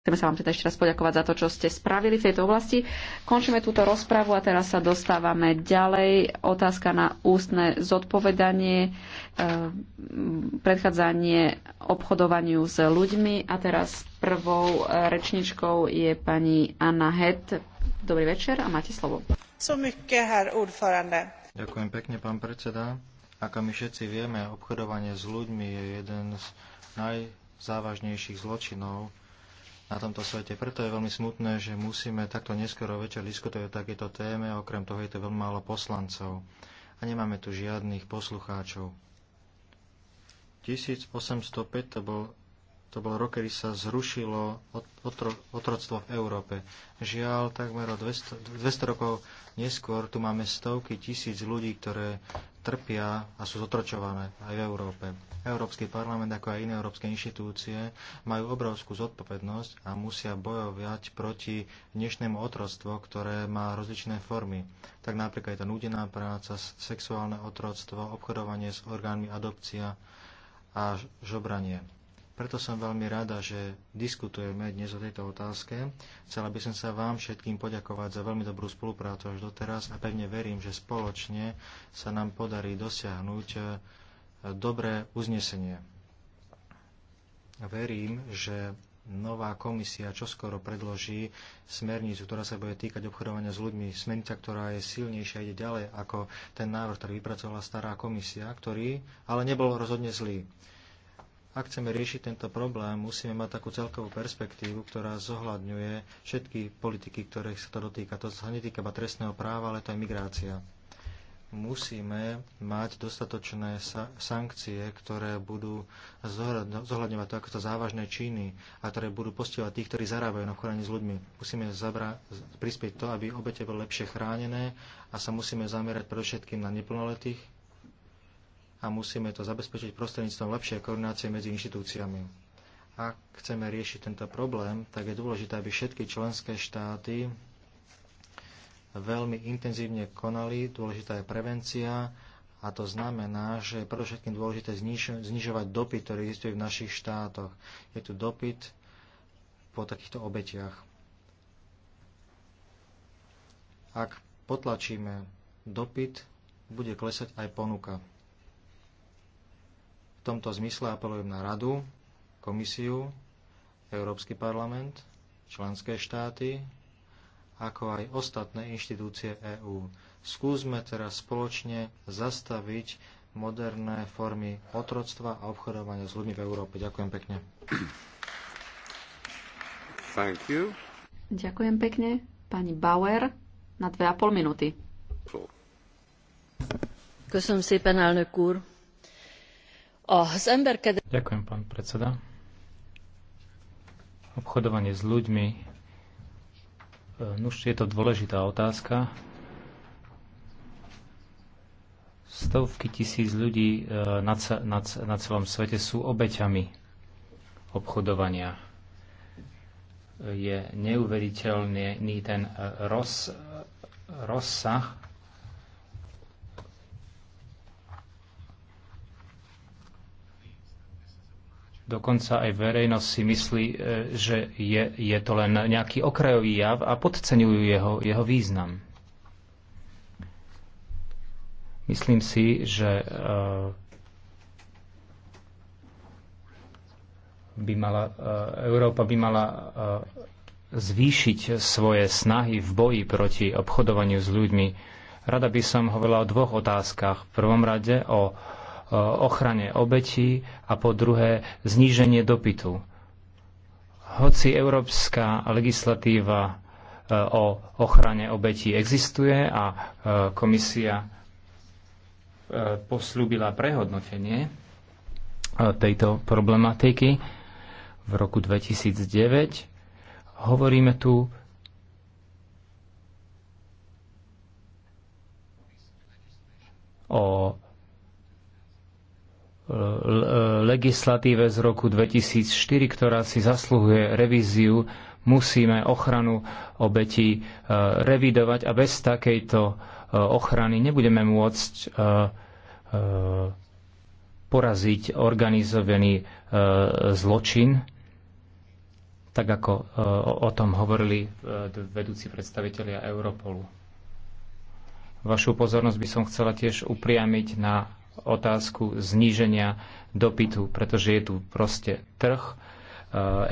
Chceme sa vám teda ešte raz poďakovať za to, čo ste spravili v tejto oblasti. Končíme túto rozpravu a teraz sa dostávame ďalej. Otázka na ústne zodpovedanie, eh, predchádzanie obchodovaniu s ľuďmi. A teraz prvou eh, rečničkou je pani Anna Het. Dobrý večer a máte slovo. Ďakujem pekne, pán predseda. Ako my všetci vieme, obchodovanie s ľuďmi je jeden z najzávažnejších zločinov na tomto svete. Preto je veľmi smutné, že musíme takto neskoro večer diskutovať o takéto téme, okrem toho je to veľmi málo poslancov a nemáme tu žiadnych poslucháčov. 1805 to bol, to bol rok, kedy sa zrušilo otroctvo v Európe. Žiaľ, takmer 200, 200 rokov neskôr tu máme stovky tisíc ľudí, ktoré trpia a sú zotročované aj v Európe. Európsky parlament, ako aj iné európske inštitúcie, majú obrovskú zodpovednosť a musia bojovať proti dnešnému otroctvu, ktoré má rozličné formy. Tak napríklad je to nudená práca, sexuálne otroctvo, obchodovanie s orgánmi adopcia a žobranie. Preto som veľmi rada, že diskutujeme dnes o tejto otázke. Chcela by som sa vám všetkým poďakovať za veľmi dobrú spoluprácu až doteraz a pevne verím, že spoločne sa nám podarí dosiahnuť eh, dobré uznesenie. Verím, že nová komisia čoskoro predloží smernicu, ktorá sa bude týkať obchodovania s ľuďmi. Smernica, ktorá je silnejšia, ide ďalej ako ten návrh, ktorý vypracovala stará komisia, ktorý ale nebol rozhodne zlý. Ak chceme riešiť tento problém, musíme mať takú celkovú perspektívu, ktorá zohľadňuje všetky politiky, ktorých sa to dotýka. To sa netýka iba trestného práva, ale to aj migrácia. Musíme mať dostatočné sankcie, ktoré budú zohľadňovať to, ako to závažné činy a ktoré budú postihovať tých, ktorí zarábajú na choraní s ľuďmi. Musíme zabra- prispieť to, aby obete boli lepšie chránené a sa musíme zamerať predovšetkým na neplnoletých a musíme to zabezpečiť prostredníctvom lepšej koordinácie medzi inštitúciami. Ak chceme riešiť tento problém, tak je dôležité, aby všetky členské štáty veľmi intenzívne konali. Dôležitá je prevencia a to znamená, že je predovšetkým dôležité znižovať dopyt, ktorý existuje v našich štátoch. Je tu dopyt po takýchto obetiach. Ak potlačíme dopyt, bude klesať aj ponuka. V tomto zmysle apelujem na Radu, Komisiu, Európsky parlament, členské štáty, ako aj ostatné inštitúcie EÚ. Skúsme teraz spoločne zastaviť moderné formy otroctva a obchodovania s ľuďmi v Európe. Ďakujem pekne. Thank you. Ďakujem pekne. Pani Bauer na 2,5 minúty. Köszönöm szépen, elnök úr! Oh, Ďakujem, pán predseda. Obchodovanie s ľuďmi. E, nuž, je to dôležitá otázka. Stovky tisíc ľudí e, na, na, na celom svete sú obeťami obchodovania. Je neuveriteľný ten e, roz, rozsah Dokonca aj verejnosť si myslí, e, že je, je to len nejaký okrajový jav a podceňujú jeho, jeho význam. Myslím si, že e, by mala, e, Európa by mala zvýšiť svoje snahy v boji proti obchodovaniu s ľuďmi. Rada by som hovorila o dvoch otázkach. V prvom rade o Eh, ochrane obetí a po druhé zníženie dopytu. Hoci európska legislatíva eh, o ochrane obetí existuje a eh, komisia poslúbila prehodnotenie tejto problematiky v roku 2009, hovoríme tu o legislatíve z roku 2004, ktorá si zasluhuje revíziu, musíme ochranu obetí e, revidovať a bez takejto e, ochrany nebudeme môcť e, poraziť organizovaný zločin, tak ako o tom hovorili vedúci predstavitelia Europolu. Vašu pozornosť by som chcela tiež upriamiť na otázku zníženia dopytu, pretože je tu proste trh e,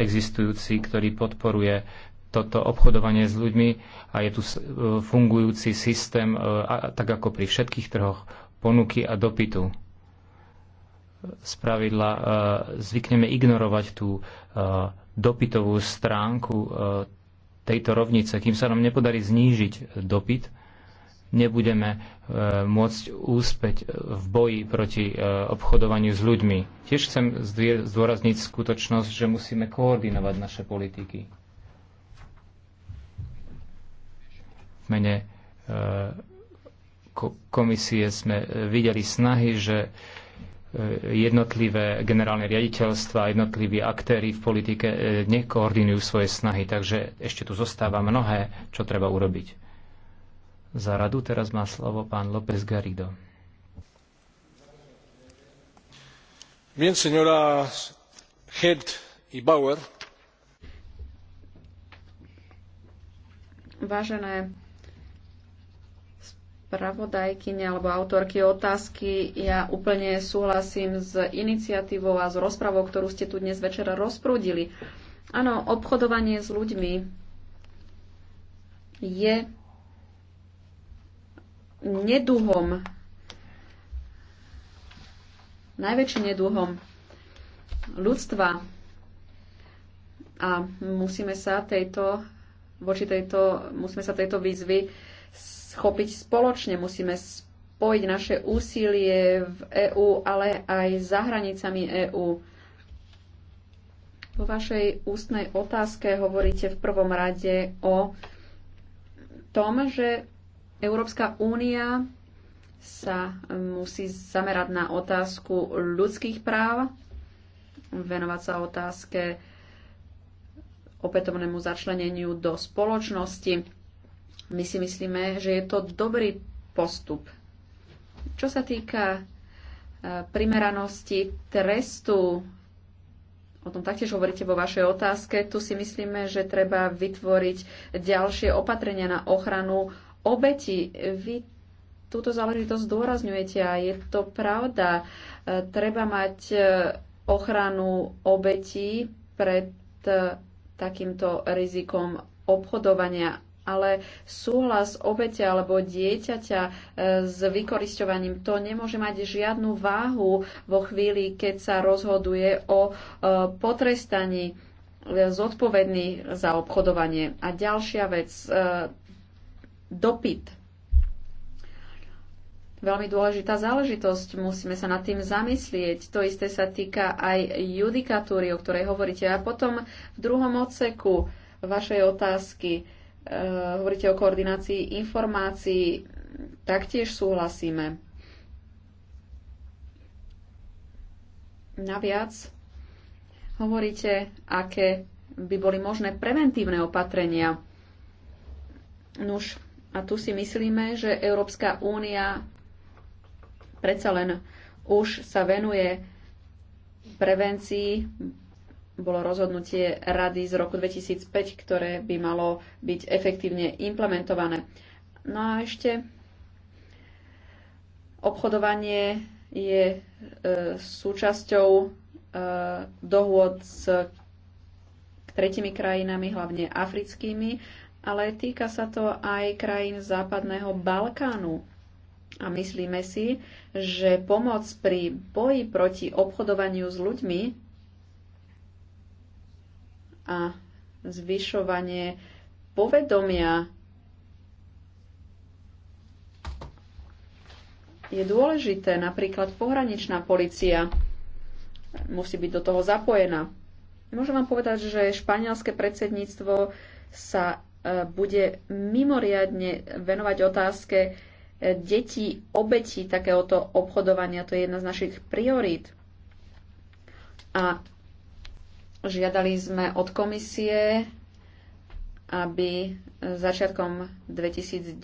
existujúci, ktorý podporuje toto obchodovanie s ľuďmi a je tu e, fungujúci systém, e, tak ako pri všetkých trhoch, ponuky a dopytu. Spravidla zvykneme ignorovať tú dopytovú stránku tejto rovnice. Kým sa nám nepodarí znížiť dopyt, nebudeme e, môcť úspeť v boji proti e, obchodovaniu s ľuďmi. Tiež chcem zdôrazniť skutočnosť, že musíme koordinovať naše politiky. V mene e, komisie sme videli snahy, že jednotlivé generálne riaditeľstva, jednotliví aktéry v politike nekoordinujú svoje snahy, takže ešte tu zostáva mnohé, čo treba urobiť. Za radu teraz má slovo pán López Garrido. Bien, señora Head y Bauer. Vážené spravodajkyne alebo autorky otázky. Ja úplne súhlasím s iniciatívou a s rozpravou, ktorú ste tu dnes večera rozprúdili. Áno, obchodovanie s ľuďmi je neduhom, najväčším neduhom ľudstva a musíme sa tejto, voči tejto, musíme sa tejto výzvy schopiť spoločne, musíme spojiť naše úsilie v EÚ, ale aj za hranicami EÚ. Vo vašej ústnej otázke hovoríte v prvom rade o tom, že Európska únia sa musí zamerať na otázku ľudských práv, venovať sa otázke opätovnému začleneniu do spoločnosti. My si myslíme, že je to dobrý postup. Čo sa týka e, primeranosti trestu, o tom taktiež hovoríte vo vašej otázke, tu si myslíme, že treba vytvoriť ďalšie opatrenia na ochranu obeti. Vy túto záležitosť zdôrazňujete a je to pravda. E, treba mať e, ochranu obetí pred e, takýmto rizikom obchodovania ale súhlas obete alebo dieťaťa s vykoristovaním to nemôže mať žiadnu váhu vo chvíli, keď sa rozhoduje o potrestaní zodpovedných za obchodovanie. A ďalšia vec, dopyt. Veľmi dôležitá záležitosť, musíme sa nad tým zamyslieť. To isté sa týka aj judikatúry, o ktorej hovoríte. A potom v druhom odseku vašej otázky e, hovoríte o koordinácii informácií, taktiež súhlasíme. Naviac hovoríte, aké by boli možné preventívne opatrenia. Nuž, a tu si myslíme, že Európska únia predsa len už sa venuje prevencii. Bolo rozhodnutie rady z roku 2005, ktoré by malo byť efektívne implementované. No a ešte obchodovanie je e, súčasťou e, dohôd s tretimi krajinami, hlavne africkými ale týka sa to aj krajín západného Balkánu. A myslíme si, že pomoc pri boji proti obchodovaniu s ľuďmi a zvyšovanie povedomia je dôležité. Napríklad pohraničná policia musí byť do toho zapojená. Môžem vám povedať, že španielské predsedníctvo sa bude mimoriadne venovať otázke e, detí, obetí takéhoto obchodovania. To je jedna z našich priorít. A žiadali sme od komisie, aby začiatkom 2010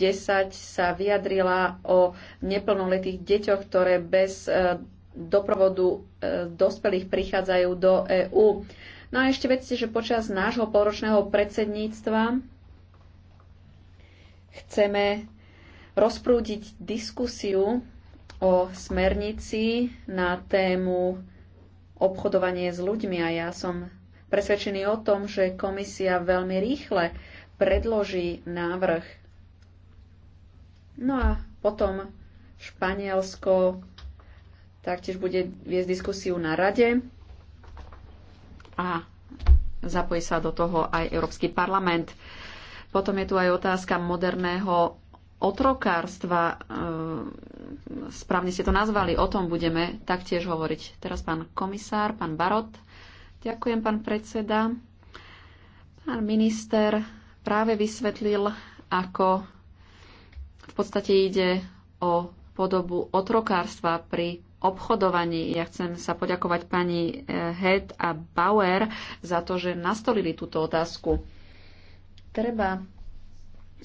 sa vyjadrila o neplnoletých deťoch, ktoré bez e, doprovodu e, dospelých prichádzajú do EÚ. No a ešte vedzte, že počas nášho poročného predsedníctva Chceme rozprúdiť diskusiu o smernici na tému obchodovanie s ľuďmi a ja som presvedčený o tom, že komisia veľmi rýchle predloží návrh. No a potom Španielsko taktiež bude viesť diskusiu na rade a zapojí sa do toho aj Európsky parlament. Potom je tu aj otázka moderného otrokárstva. Ehm, správne ste to nazvali, o tom budeme taktiež hovoriť. Teraz pán komisár, pán Barot. Ďakujem, pán predseda. Pán minister práve vysvetlil, ako v podstate ide o podobu otrokárstva pri obchodovaní. Ja chcem sa poďakovať pani eh, Head a Bauer za to, že nastolili túto otázku. Treba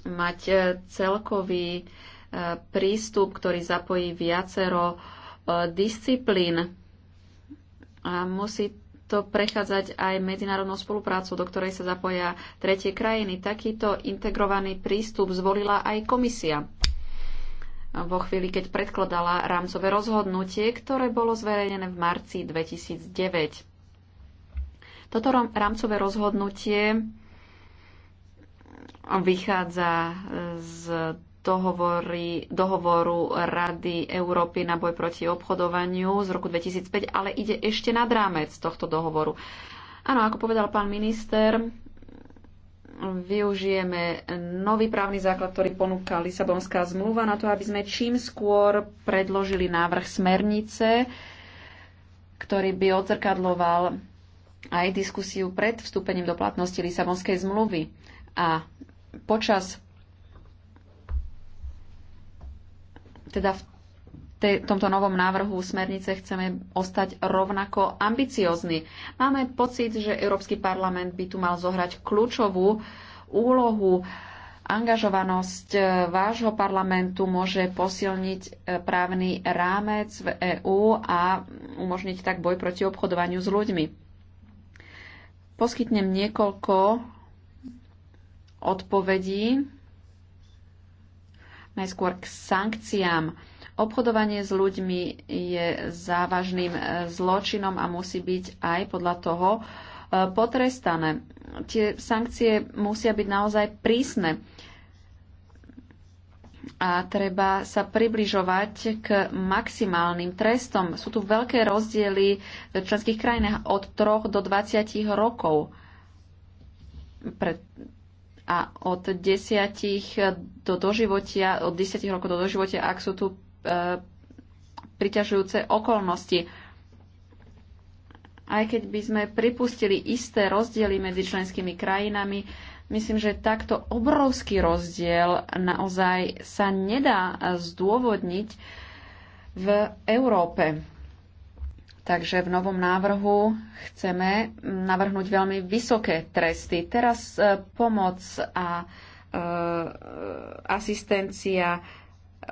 mať e, celkový e, prístup, ktorý zapojí viacero e, disciplín. A musí to prechádzať aj medzinárodnou spoluprácu, do ktorej sa zapoja tretie krajiny. Takýto integrovaný prístup zvolila aj komisia vo chvíli, keď predkladala rámcové rozhodnutie, ktoré bolo zverejnené v marci 2009. Toto rámcové rozhodnutie vychádza e, z dohovory, dohovoru Rady Európy na boj proti obchodovaniu z roku 2005, ale ide ešte nad rámec tohto dohovoru. Áno, ako povedal pán minister, využijeme nový právny základ, ktorý ponúka Lisabonská zmluva na to, aby sme čím skôr predložili návrh smernice, ktorý by odzrkadloval aj diskusiu pred vstúpením do platnosti Lisabonskej zmluvy. A počas teda v te, tomto novom návrhu smernice chceme ostať rovnako ambiciozni. Máme pocit, že Európsky parlament by tu mal zohrať kľúčovú úlohu. Angažovanosť e, vášho parlamentu môže posilniť e, právny rámec v EÚ a umožniť tak boj proti obchodovaniu s ľuďmi. Poskytnem niekoľko odpovedí. Najskôr k sankciám. Obchodovanie s ľuďmi je závažným e, zločinom a musí byť aj podľa toho e, potrestané. Tie sankcie musia byť naozaj prísne a treba sa približovať k maximálnym trestom. Sú tu veľké rozdiely v členských krajinách od 3 do 20 rokov. Pre, a od 10 do doživotia, od 10 rokov do doživotia, ak sú tu e, priťažujúce okolnosti. Aj keď by sme pripustili isté rozdiely medzi členskými krajinami, myslím, že takto obrovský rozdiel naozaj sa nedá zdôvodniť v Európe. Takže v novom návrhu chceme navrhnúť veľmi vysoké tresty. Teraz e, pomoc a e, asistencia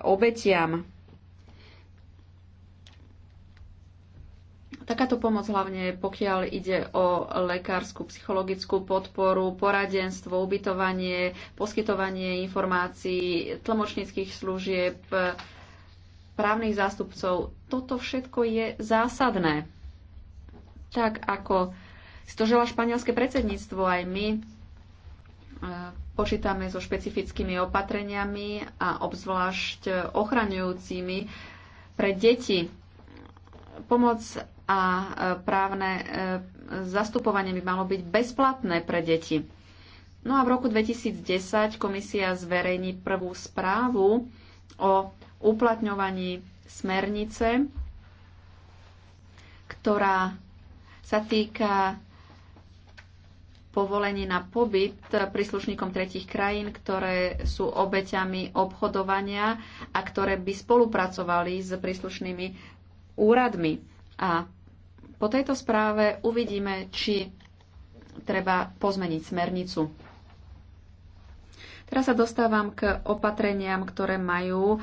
obetiam. Takáto pomoc hlavne, pokiaľ ide o lekárskú, psychologickú podporu, poradenstvo, ubytovanie, poskytovanie informácií, tlmočníckých služieb, právnych zástupcov. Toto všetko je zásadné. Tak ako si to žela španielské predsedníctvo, aj my e, počítame so špecifickými opatreniami a obzvlášť ochraňujúcimi pre deti. Pomoc a e, právne e, zastupovanie by malo byť bezplatné pre deti. No a v roku 2010 komisia zverejní prvú správu o uplatňovaní smernice, ktorá sa týka povolení na pobyt príslušníkom tretich krajín, ktoré sú obeťami obchodovania a ktoré by spolupracovali s príslušnými úradmi. A po tejto správe uvidíme, či treba pozmeniť smernicu. Teraz sa dostávam k opatreniam, ktoré majú uh,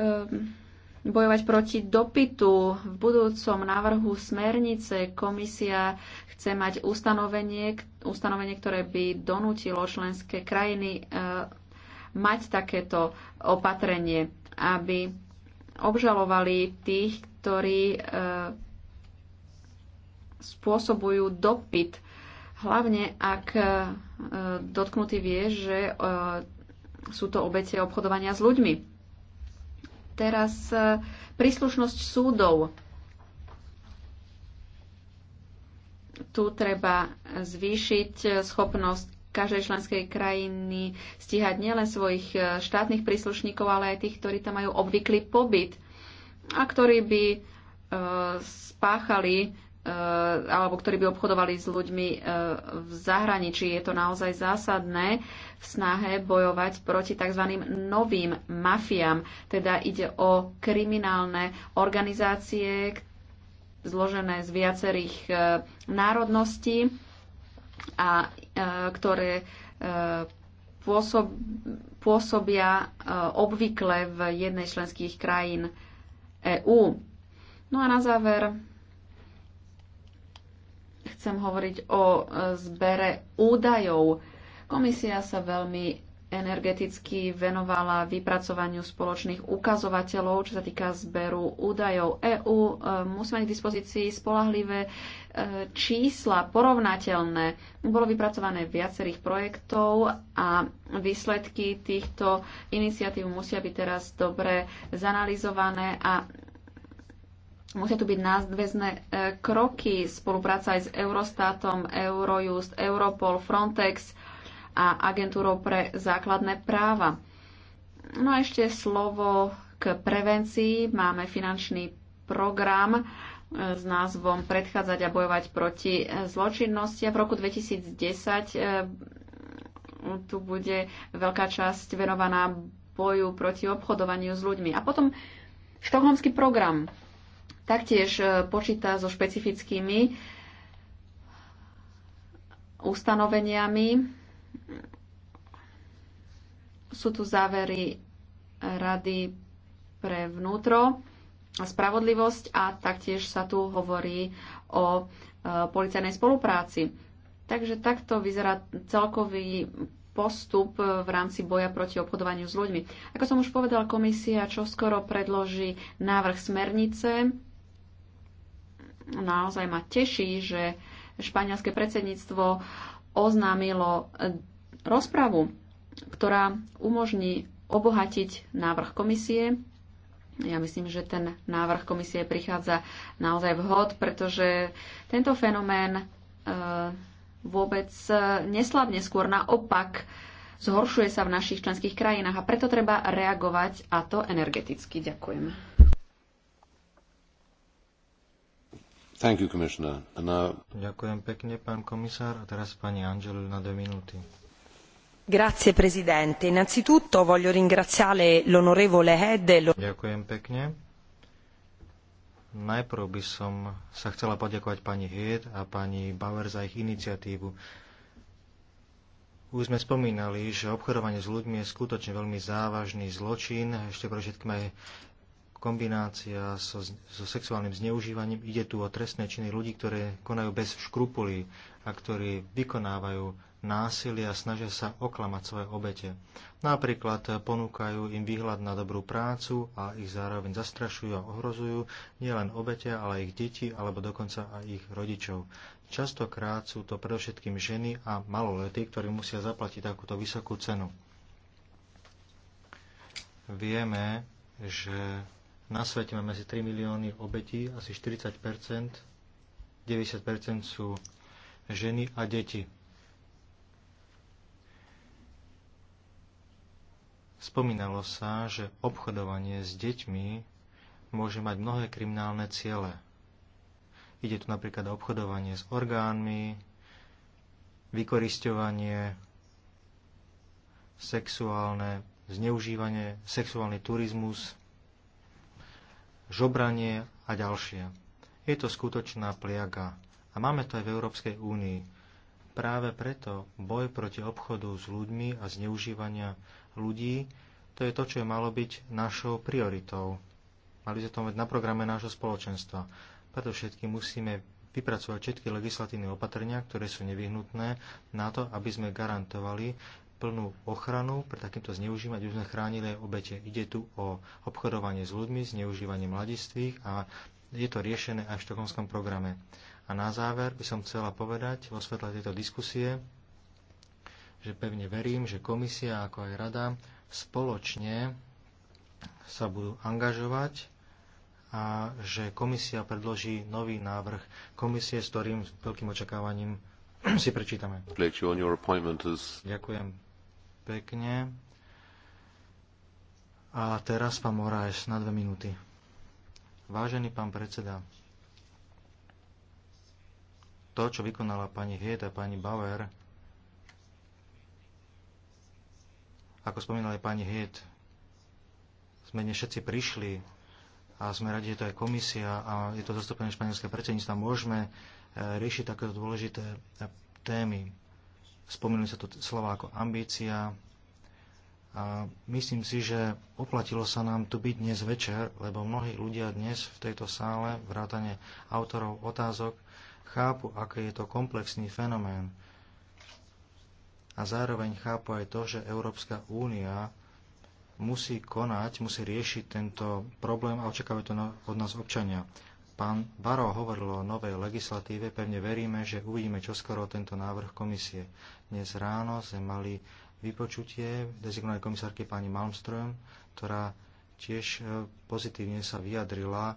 Ehm, bojovať proti dopytu. V budúcom návrhu smernice komisia chce mať ustanovenie, ustanovenie ktoré by donútilo členské krajiny ehm, mať takéto opatrenie, aby obžalovali tých, ktorí ehm, spôsobujú dopyt. Hlavne ak dotknutý vie, že sú to obete obchodovania s ľuďmi. Teraz e, príslušnosť súdov. Tu treba zvýšiť schopnosť každej členskej krajiny stíhať nielen svojich e, štátnych príslušníkov, ale aj tých, ktorí tam majú obvyklý pobyt a ktorí by e, spáchali Eh, alebo ktorí by obchodovali s ľuďmi eh, v zahraničí. Je to naozaj zásadné v snahe bojovať proti tzv. novým mafiám. Teda ide o kriminálne organizácie zložené z viacerých eh, národností a ktoré pôsobia obvykle v jednej členských krajín EÚ. No a na záver chcem hovoriť o e, zbere údajov. Komisia sa veľmi energeticky venovala vypracovaniu spoločných ukazovateľov, čo sa týka zberu údajov EÚ. E, Musí mať k dispozícii spolahlivé e, čísla, porovnateľné. Bolo vypracované viacerých projektov a výsledky týchto iniciatív musia byť teraz dobre zanalizované a Musia tu byť názdvezné e, kroky, spolupráca aj s Eurostatom, Eurojust, Europol, Frontex a agentúrou pre základné práva. No a ešte slovo k prevencii. Máme finančný program e, s názvom Predchádzať a bojovať proti e, zločinnosti. A v roku 2010 tu bude veľká časť venovaná boju proti obchodovaniu s ľuďmi. A potom štokholmský program taktiež e, počíta so špecifickými ustanoveniami. Sú tu závery Rady pre vnútro a spravodlivosť a taktiež sa tu hovorí o e, policajnej spolupráci. Takže takto vyzerá celkový postup e, v rámci boja proti obchodovaniu s ľuďmi. Ako som už povedal, komisia čo skoro predloží návrh smernice Naozaj ma teší, že španielské predsedníctvo oznámilo eh, rozpravu, ktorá umožní obohatiť návrh komisie. Ja myslím, že ten návrh komisie prichádza naozaj vhod, pretože tento fenomén eh, vôbec eh, neslabne, skôr naopak zhoršuje sa v našich členských krajinách a preto treba reagovať a to energeticky. Ďakujem. You, now... Ďakujem pekne, pán komisár. A teraz pani Angel na dve minúty. Grazie, Presidente. Innanzitutto voglio ringraziare l'onorevole Head e lo... Ďakujem pekne. Najprv by som sa chcela poďakovať pani Head a pani Bauer za ich iniciatívu. Už sme spomínali, že obchodovanie s ľuďmi je skutočne veľmi závažný zločin, ešte pre všetkým aj kombinácia so, so sexuálnym zneužívaním. Ide tu o trestné činy ľudí, ktoré konajú bez škrupulí a ktorí vykonávajú násilie a snažia sa oklamať svoje obete. Napríklad ponúkajú im výhľad na dobrú prácu a ich zároveň zastrašujú a ohrozujú nielen obete, ale ich deti alebo dokonca aj ich rodičov. Častokrát sú to predovšetkým ženy a maloletí, ktorí musia zaplatiť takúto vysokú cenu. Vieme, že na svete máme asi 3 milióny obetí, asi 40 90 sú ženy a deti. Spomínalo sa, že obchodovanie s deťmi môže mať mnohé kriminálne ciele. Ide tu napríklad o obchodovanie s orgánmi, vykorisťovanie, sexuálne zneužívanie, sexuálny turizmus, žobranie a ďalšie. Je to skutočná pliaga a máme to aj v Európskej únii. Práve preto boj proti obchodu s ľuďmi a zneužívania ľudí, to je to, čo je malo byť našou prioritou. Mali sme to mať na programe nášho spoločenstva. Preto všetky musíme vypracovať všetky legislatívne opatrenia, ktoré sú nevyhnutné na to, aby sme garantovali, plnú ochranu pre takýmto zneužívať, už sme chránili aj obete. Ide tu o obchodovanie s ľuďmi, zneužívanie mladistvých a je to riešené aj v štokholmskom programe. A na záver by som chcela povedať vo svetle tejto diskusie, že pevne verím, že komisia ako aj rada spoločne sa budú angažovať a že komisia predloží nový návrh komisie, s ktorým s veľkým očakávaním si prečítame. Ďakujem pekne. A teraz pán Moraes na dve minúty. Vážený pán predseda, to, čo vykonala pani Hieta pani Bauer, ako spomínala aj pani Hied, sme ne všetci prišli a sme radi, že to je komisia a je to zastúpené španielské predsedníctva. Môžeme eh, riešiť takéto dôležité eh, témy. Spomenuli sa tu slova ako ambícia. A myslím si, že oplatilo sa nám tu byť dnes večer, lebo mnohí ľudia dnes v tejto sále, vrátane autorov otázok, chápu, aký je to komplexný fenomén. A zároveň chápu aj to, že Európska únia musí konať, musí riešiť tento problém a očakávajú to od nás občania. Pán Baro hovoril o novej legislatíve, pevne veríme, že uvidíme čoskoro tento návrh komisie. Dnes ráno sme mali vypočutie dezignovanej komisárky pani Malmström, ktorá tiež e, pozitívne sa vyjadrila e,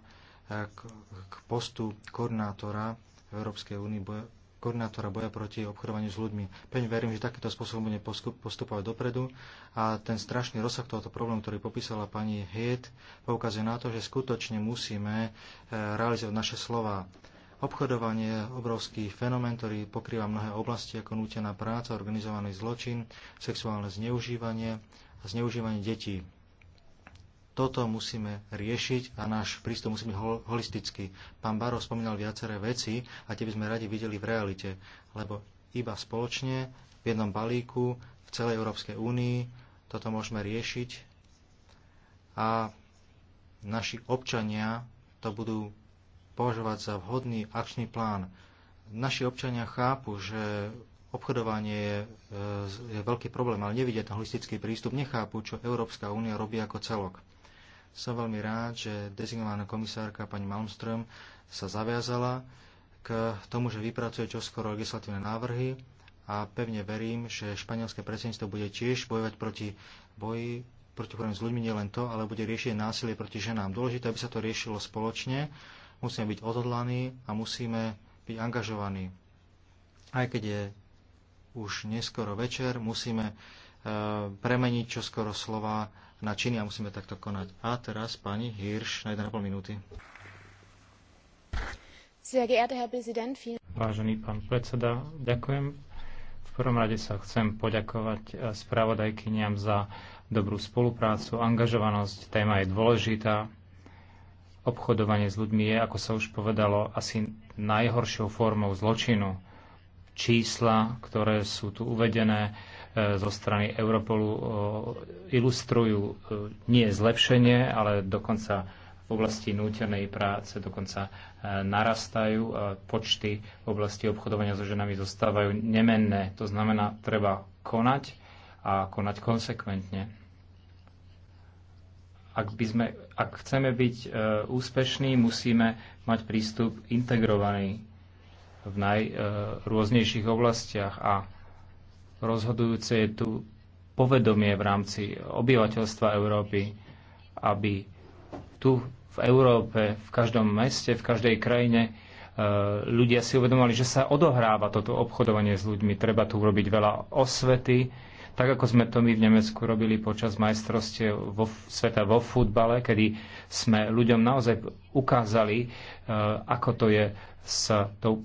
k, postu koordinátora v Európskej únie koordinátora boja proti obchodovaniu s ľuďmi. Pevne verím, že takýmto spôsobom bude postupovať dopredu a ten strašný rozsah tohoto problému, ktorý popísala pani Hiet, poukazuje na to, že skutočne musíme e, realizovať naše slova. Obchodovanie je obrovský fenomén, ktorý pokrýva mnohé oblasti ako nútená práca, organizovaný zločin, sexuálne zneužívanie a zneužívanie detí. Toto musíme riešiť a náš prístup musí byť holistický. Pán Baro spomínal viaceré veci a tie by sme radi videli v realite, lebo iba spoločne, v jednom balíku, v celej Európskej únii toto môžeme riešiť a naši občania to budú považovať za vhodný akčný plán. Naši občania chápu, že obchodovanie je, e, je veľký problém, ale nevidia ten holistický prístup, nechápu, čo Európska únia robí ako celok. Som veľmi rád, že dezignovaná komisárka pani Malmström sa zaviazala k tomu, že vypracuje čoskoro legislatívne návrhy a pevne verím, že španielské predsedníctvo bude tiež bojovať proti boji proti ktorým s ľuďmi nie len to, ale bude riešiť násilie proti ženám. Dôležité, aby sa to riešilo spoločne. Musíme byť odhodlaní a musíme byť angažovaní. Aj keď je už neskoro večer, musíme e, premeniť čoskoro slova na činy a musíme takto konať. A teraz pani Hirš na 1,5 minúty. Vážený pán predseda, ďakujem. V prvom rade sa chcem poďakovať eh, spravodajkyniam za dobrú spoluprácu, angažovanosť. Téma je dôležitá. Obchodovanie s ľuďmi je, ako sa už povedalo, asi najhoršou formou zločinu. Čísla, ktoré sú tu uvedené, E, zo strany Europolu e, ilustrujú e, nie zlepšenie, ale dokonca v oblasti nútenej práce dokonca narastajú. Počty v oblasti obchodovania so ženami zostávajú nemenné. To znamená, treba konať a konať konsekventne. Ak, by sme, ak chceme byť e, úspešní, musíme mať prístup integrovaný v najrôznejších oblastiach a Rozhodujúce je tu povedomie v rámci obyvateľstva Európy, aby tu v Európe, v každom meste, v každej krajine e, ľudia si uvedomovali, že sa odohráva toto obchodovanie s ľuďmi. Treba tu urobiť veľa osvety, tak ako sme to my v Nemecku robili počas majstrovstie vo, sveta vo futbale, kedy sme ľuďom naozaj ukázali, e, ako to je s tou e,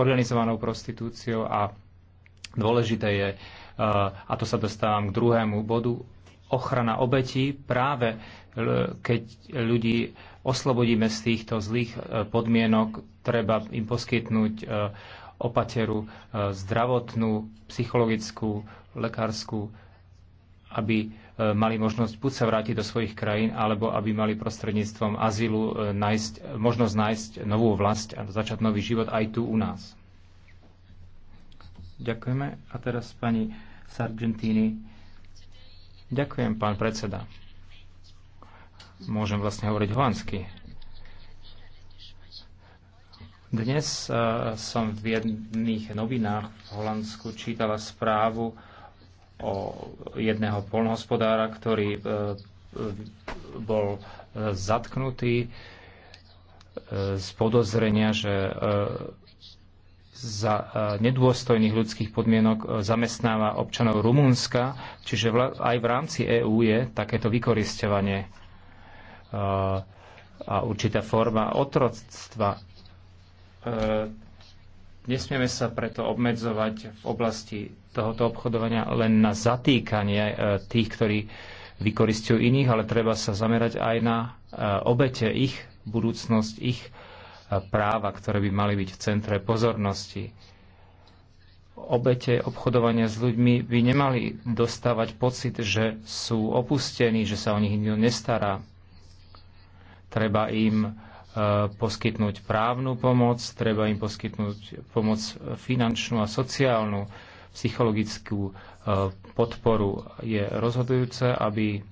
organizovanou prostitúciou a Dôležité je, e, a to sa dostávam k druhému bodu, ochrana obetí práve e, keď ľudí oslobodíme z týchto zlých e, podmienok, treba im poskytnúť opateru zdravotnú, psychologickú, lekárskú, aby mali možnosť buď sa vrátiť do svojich krajín, alebo aby mali prostredníctvom azylu nájsť, možnosť nájsť novú vlast a začať nový život aj tu u nás. Ďakujeme. A teraz pani Sargentini. Ďakujem, pán predseda. Môžem vlastne hovoriť holandsky. Dnes uh, som v jedných novinách v Holandsku čítala správu o jedného polnohospodára, ktorý uh, bol e, zatknutý uh, z podozrenia, že uh, za e, nedôstojných ľudských podmienok e, zamestnáva občanov Rumunska, čiže aj v rámci EÚ je takéto vykoristovanie e, a určitá forma otroctva. Nesmieme sa preto obmedzovať v oblasti tohoto obchodovania len na zatýkanie tých, ktorí vykoristujú iných, ale treba sa zamerať aj na obete, ich budúcnosť, ich práva, ktoré by mali byť v centre pozornosti. Obete obchodovania s ľuďmi by nemali dostávať pocit, že sú opustení, že sa o nich nikto nestará. Treba im e, poskytnúť právnu pomoc, treba im poskytnúť pomoc finančnú a sociálnu, psychologickú e, podporu. Je rozhodujúce, aby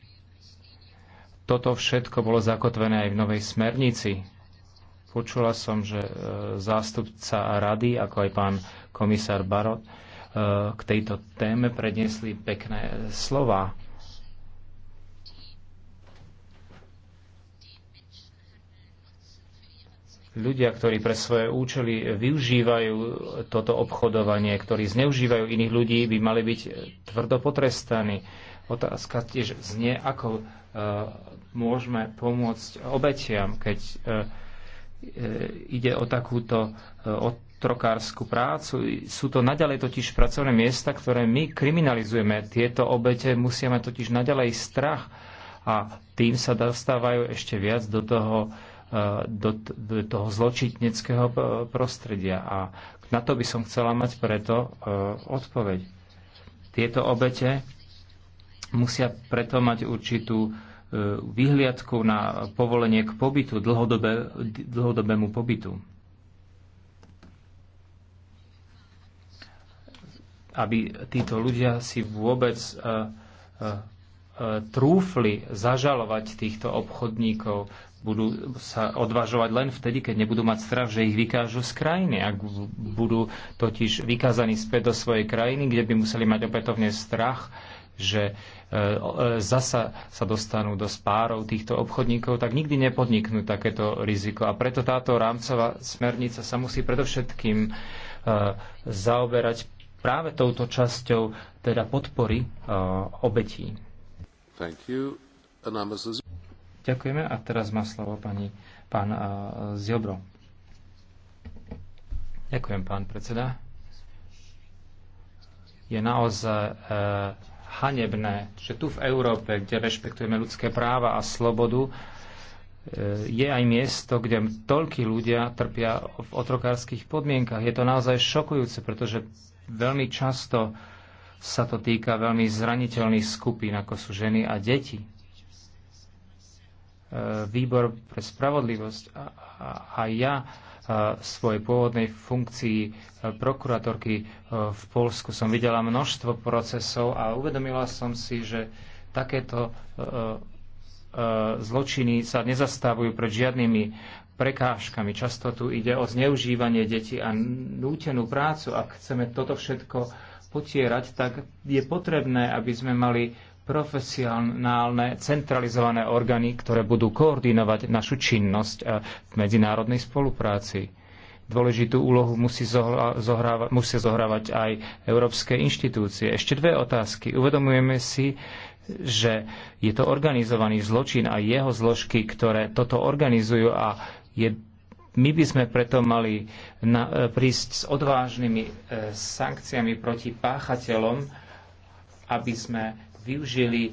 toto všetko bolo zakotvené aj v novej smernici Počula som, že e, zástupca rady, ako aj pán komisár Barot, e, k tejto téme predniesli pekné slova. Ľudia, ktorí pre svoje účely využívajú toto obchodovanie, ktorí zneužívajú iných ľudí, by mali byť tvrdo potrestaní. Otázka tiež znie, ako e, môžeme pomôcť obetiam, keď E, ide o takúto e, otrokárskú prácu. Sú to naďalej totiž pracovné miesta, ktoré my kriminalizujeme. Tieto obete musia mať totiž naďalej strach a tým sa dostávajú ešte viac do toho, e, do, do toho zločitneckého prostredia. A na to by som chcela mať preto odpoveď. Tieto obete musia preto mať určitú E, vyhliadku na povolenie k pobytu, dlhodobé, dlhodobému pobytu. Aby títo ľudia si vôbec e, e, trúfli zažalovať týchto obchodníkov, budú sa odvažovať len vtedy, keď nebudú mať strach, že ich vykážu z krajiny. Ak budú totiž vykázaní späť do svojej krajiny, kde by museli mať opätovne strach, že e, e, zasa sa dostanú do spárov týchto obchodníkov, tak nikdy nepodniknú takéto riziko. A preto táto rámcová smernica sa musí predovšetkým e, zaoberať práve touto časťou teda podpory obetí. Ďakujeme a teraz má slovo pani, pán uh, Ďakujem, pán predseda. Je naozaj uh, hanebné, že tu v Európe, kde rešpektujeme ľudské práva a slobodu, e, je aj miesto, kde toľkí ľudia trpia v otrokárskych podmienkach. Je to naozaj šokujúce, pretože veľmi často sa to týka veľmi zraniteľných skupín, ako sú ženy a deti. E, výbor pre spravodlivosť a, a, a ja svojej pôvodnej funkcii e, prokuratorky e, v Polsku som videla množstvo procesov a uvedomila som si, že takéto e, zločiny sa nezastavujú pred žiadnymi prekážkami. Často tu ide o zneužívanie detí a nútenú prácu. Ak chceme toto všetko potierať, tak je potrebné, aby sme mali profesionálne centralizované orgány, ktoré budú koordinovať našu činnosť e, v medzinárodnej spolupráci. Dôležitú úlohu musí zohrávať, musia zohrávať aj európske inštitúcie. Ešte dve otázky. Uvedomujeme si, že je to organizovaný zločin a jeho zložky, ktoré toto organizujú a je my by sme preto mali na, e, prísť s odvážnymi e, sankciami proti páchateľom, aby sme využili, e,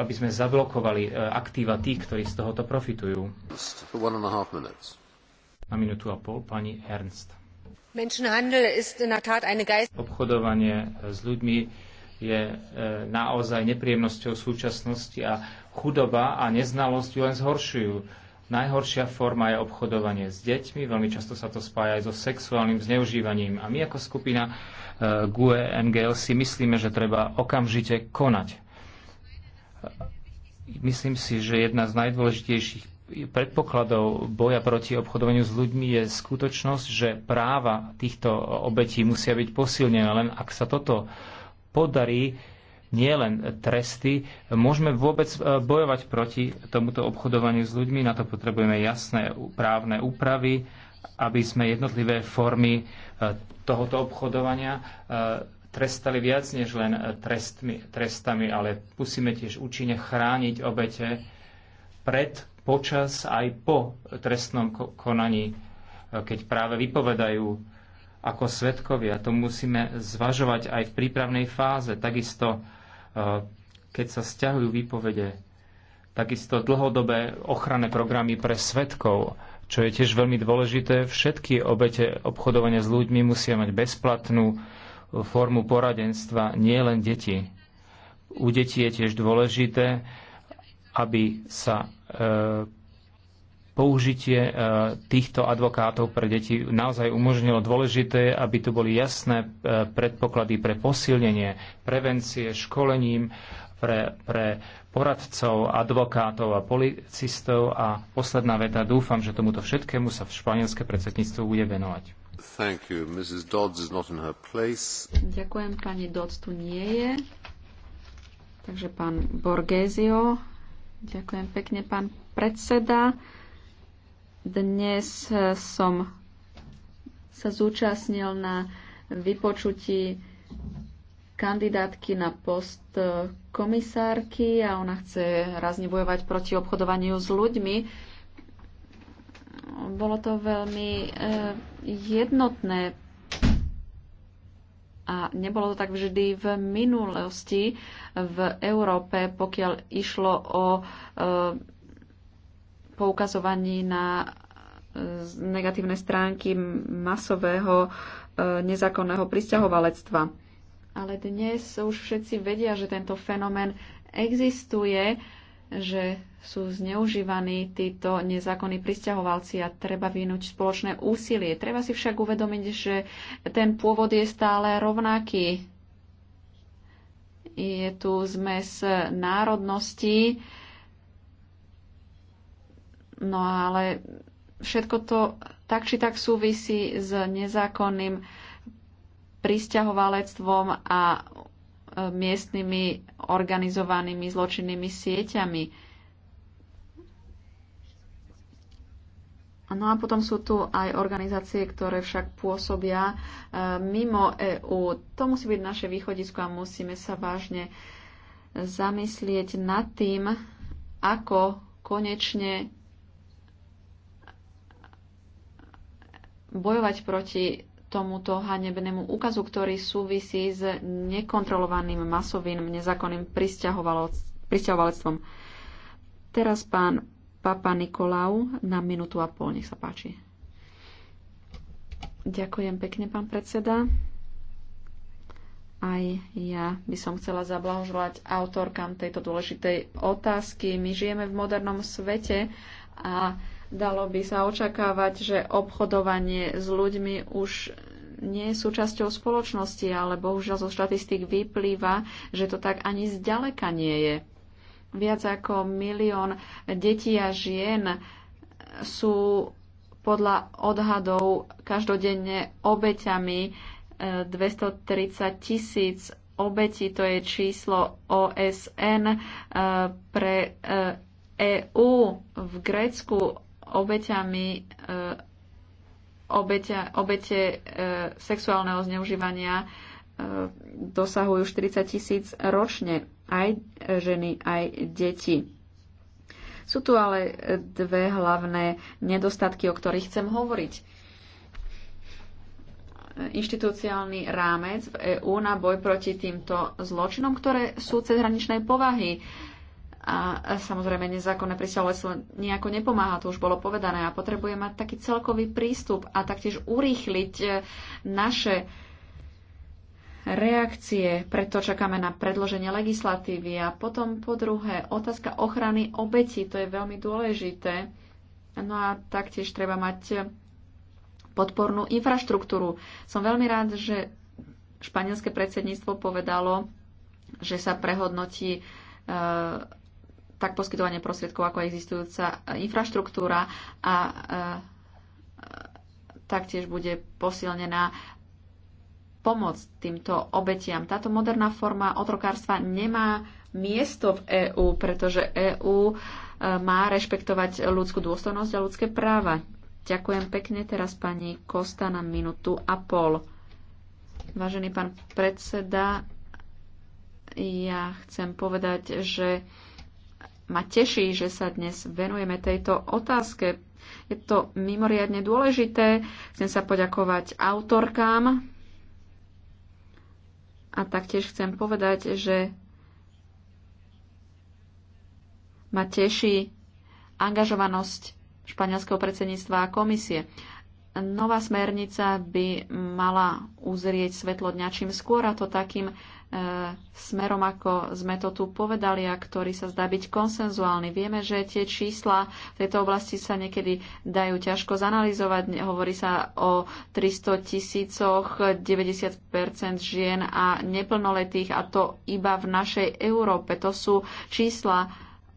aby sme zablokovali e, aktíva tých, ktorí z tohoto profitujú. Na minútu a pol pani Ernst. Obchodovanie e, s ľuďmi je naozaj nepríjemnosťou súčasnosti a chudoba a neznalosť ju len zhoršujú. Najhoršia forma je obchodovanie s deťmi, veľmi často sa to spája aj so sexuálnym zneužívaním. A my ako skupina GUE NGL si myslíme, že treba okamžite konať. Myslím si, že jedna z najdôležitejších predpokladov boja proti obchodovaniu s ľuďmi je skutočnosť, že práva týchto obetí musia byť posilnené. Len ak sa toto podarí, nie len tresty, môžeme vôbec e, bojovať proti tomuto obchodovaniu s ľuďmi. Na to potrebujeme jasné právne úpravy, aby sme jednotlivé formy E, tohoto obchodovania e, trestali viac než len trestmi, trestami, ale musíme tiež účinne chrániť obete pred, počas aj po trestnom konaní, e, keď práve vypovedajú ako svetkovia. To musíme zvažovať aj v prípravnej fáze. Takisto, keď sa stiahujú výpovede, takisto dlhodobé ochranné programy pre svetkov čo je tiež veľmi dôležité. Všetky obete obchodovania s ľuďmi musia mať bezplatnú e, formu poradenstva, nie len deti. U detí je tiež dôležité, aby sa e, použitie e, týchto advokátov pre deti naozaj umožnilo dôležité, aby tu boli jasné e, predpoklady pre posilnenie prevencie, školením pre, pre poradcov, advokátov a policistov. A posledná veta, dúfam, že tomuto všetkému sa v španielské predsedníctvo bude venovať. Ďakujem, pani Dodds tu nie je. Takže pán Borgesio. Ďakujem pekne, pán predseda. Dnes eh, som sa zúčastnil na vypočutí kandidátky na post e, komisárky a ona chce razne bojovať proti obchodovaniu s ľuďmi. Bolo to veľmi e, jednotné a nebolo to tak vždy v minulosti v Európe, pokiaľ išlo o e, poukazovaní na negatívne stránky masového nezákonného pristahovalectva ale dnes už všetci vedia, že tento fenomén existuje, že sú zneužívaní títo nezákonní pristahovalci a treba vynúť spoločné úsilie. Treba si však uvedomiť, že ten pôvod je stále rovnaký. Je tu zmes národností, no ale všetko to tak či tak súvisí s nezákonným pristahovalectvom a e, miestnymi organizovanými zločinnými sieťami. No a potom sú tu aj organizácie, ktoré však pôsobia e, mimo EÚ. To musí byť naše východisko a musíme sa vážne zamyslieť nad tým, ako konečne bojovať proti tomuto hanebnému úkazu, ktorý súvisí s nekontrolovaným masovým nezákonným pristahovalectvom. Teraz pán Papa Nikolau na minútu a pol, nech sa páči. Ďakujem pekne, pán predseda. Aj ja by som chcela zablahoželať autorkám tejto dôležitej otázky. My žijeme v modernom svete a Dalo by sa očakávať, že obchodovanie s ľuďmi už nie je súčasťou spoločnosti, ale bohužiaľ zo štatistík vyplýva, že to tak ani zďaleka nie je. Viac ako milión detí a žien sú podľa odhadov každodenne obeťami 230 e, tisíc obetí, to je číslo OSN e, pre EÚ e v Grécku obeťami eh, obete, obete eh, sexuálneho zneužívania eh, dosahujú 40 tisíc ročne aj ženy, aj deti. Sú tu ale dve hlavné nedostatky, o ktorých chcem hovoriť inštitúciálny rámec v EÚ na boj proti týmto zločinom, ktoré sú cezhraničnej povahy. A samozrejme nezákonné pristahovalectvo nejako nepomáha, to už bolo povedané. A potrebuje mať taký celkový prístup a taktiež urýchliť e, naše reakcie, preto čakáme na predloženie legislatívy. A potom po druhé, otázka ochrany obetí, to je veľmi dôležité. No a taktiež treba mať podpornú infraštruktúru. Som veľmi rád, že španielské predsedníctvo povedalo, že sa prehodnotí e, tak poskytovanie prostriedkov, ako existujúca infraštruktúra a e, e, taktiež bude posilnená pomoc týmto obetiam. Táto moderná forma otrokárstva nemá miesto v EÚ, pretože EÚ e, má rešpektovať ľudskú dôstojnosť a ľudské práva. Ďakujem pekne teraz pani Kosta na minútu a pol. Vážený pán predseda, ja chcem povedať, že ma teší, že sa dnes venujeme tejto otázke. Je to mimoriadne dôležité. Chcem sa poďakovať autorkám a taktiež chcem povedať, že ma teší angažovanosť španielského predsedníctva a komisie. Nová smernica by mala uzrieť svetlo dňa čím skôr a to takým e, smerom, ako sme to tu povedali a ktorý sa zdá byť konsenzuálny. Vieme, že tie čísla v tejto oblasti sa niekedy dajú ťažko zanalizovať. Hovorí sa o 300 tisícoch, 90 žien a neplnoletých a to iba v našej Európe. To sú čísla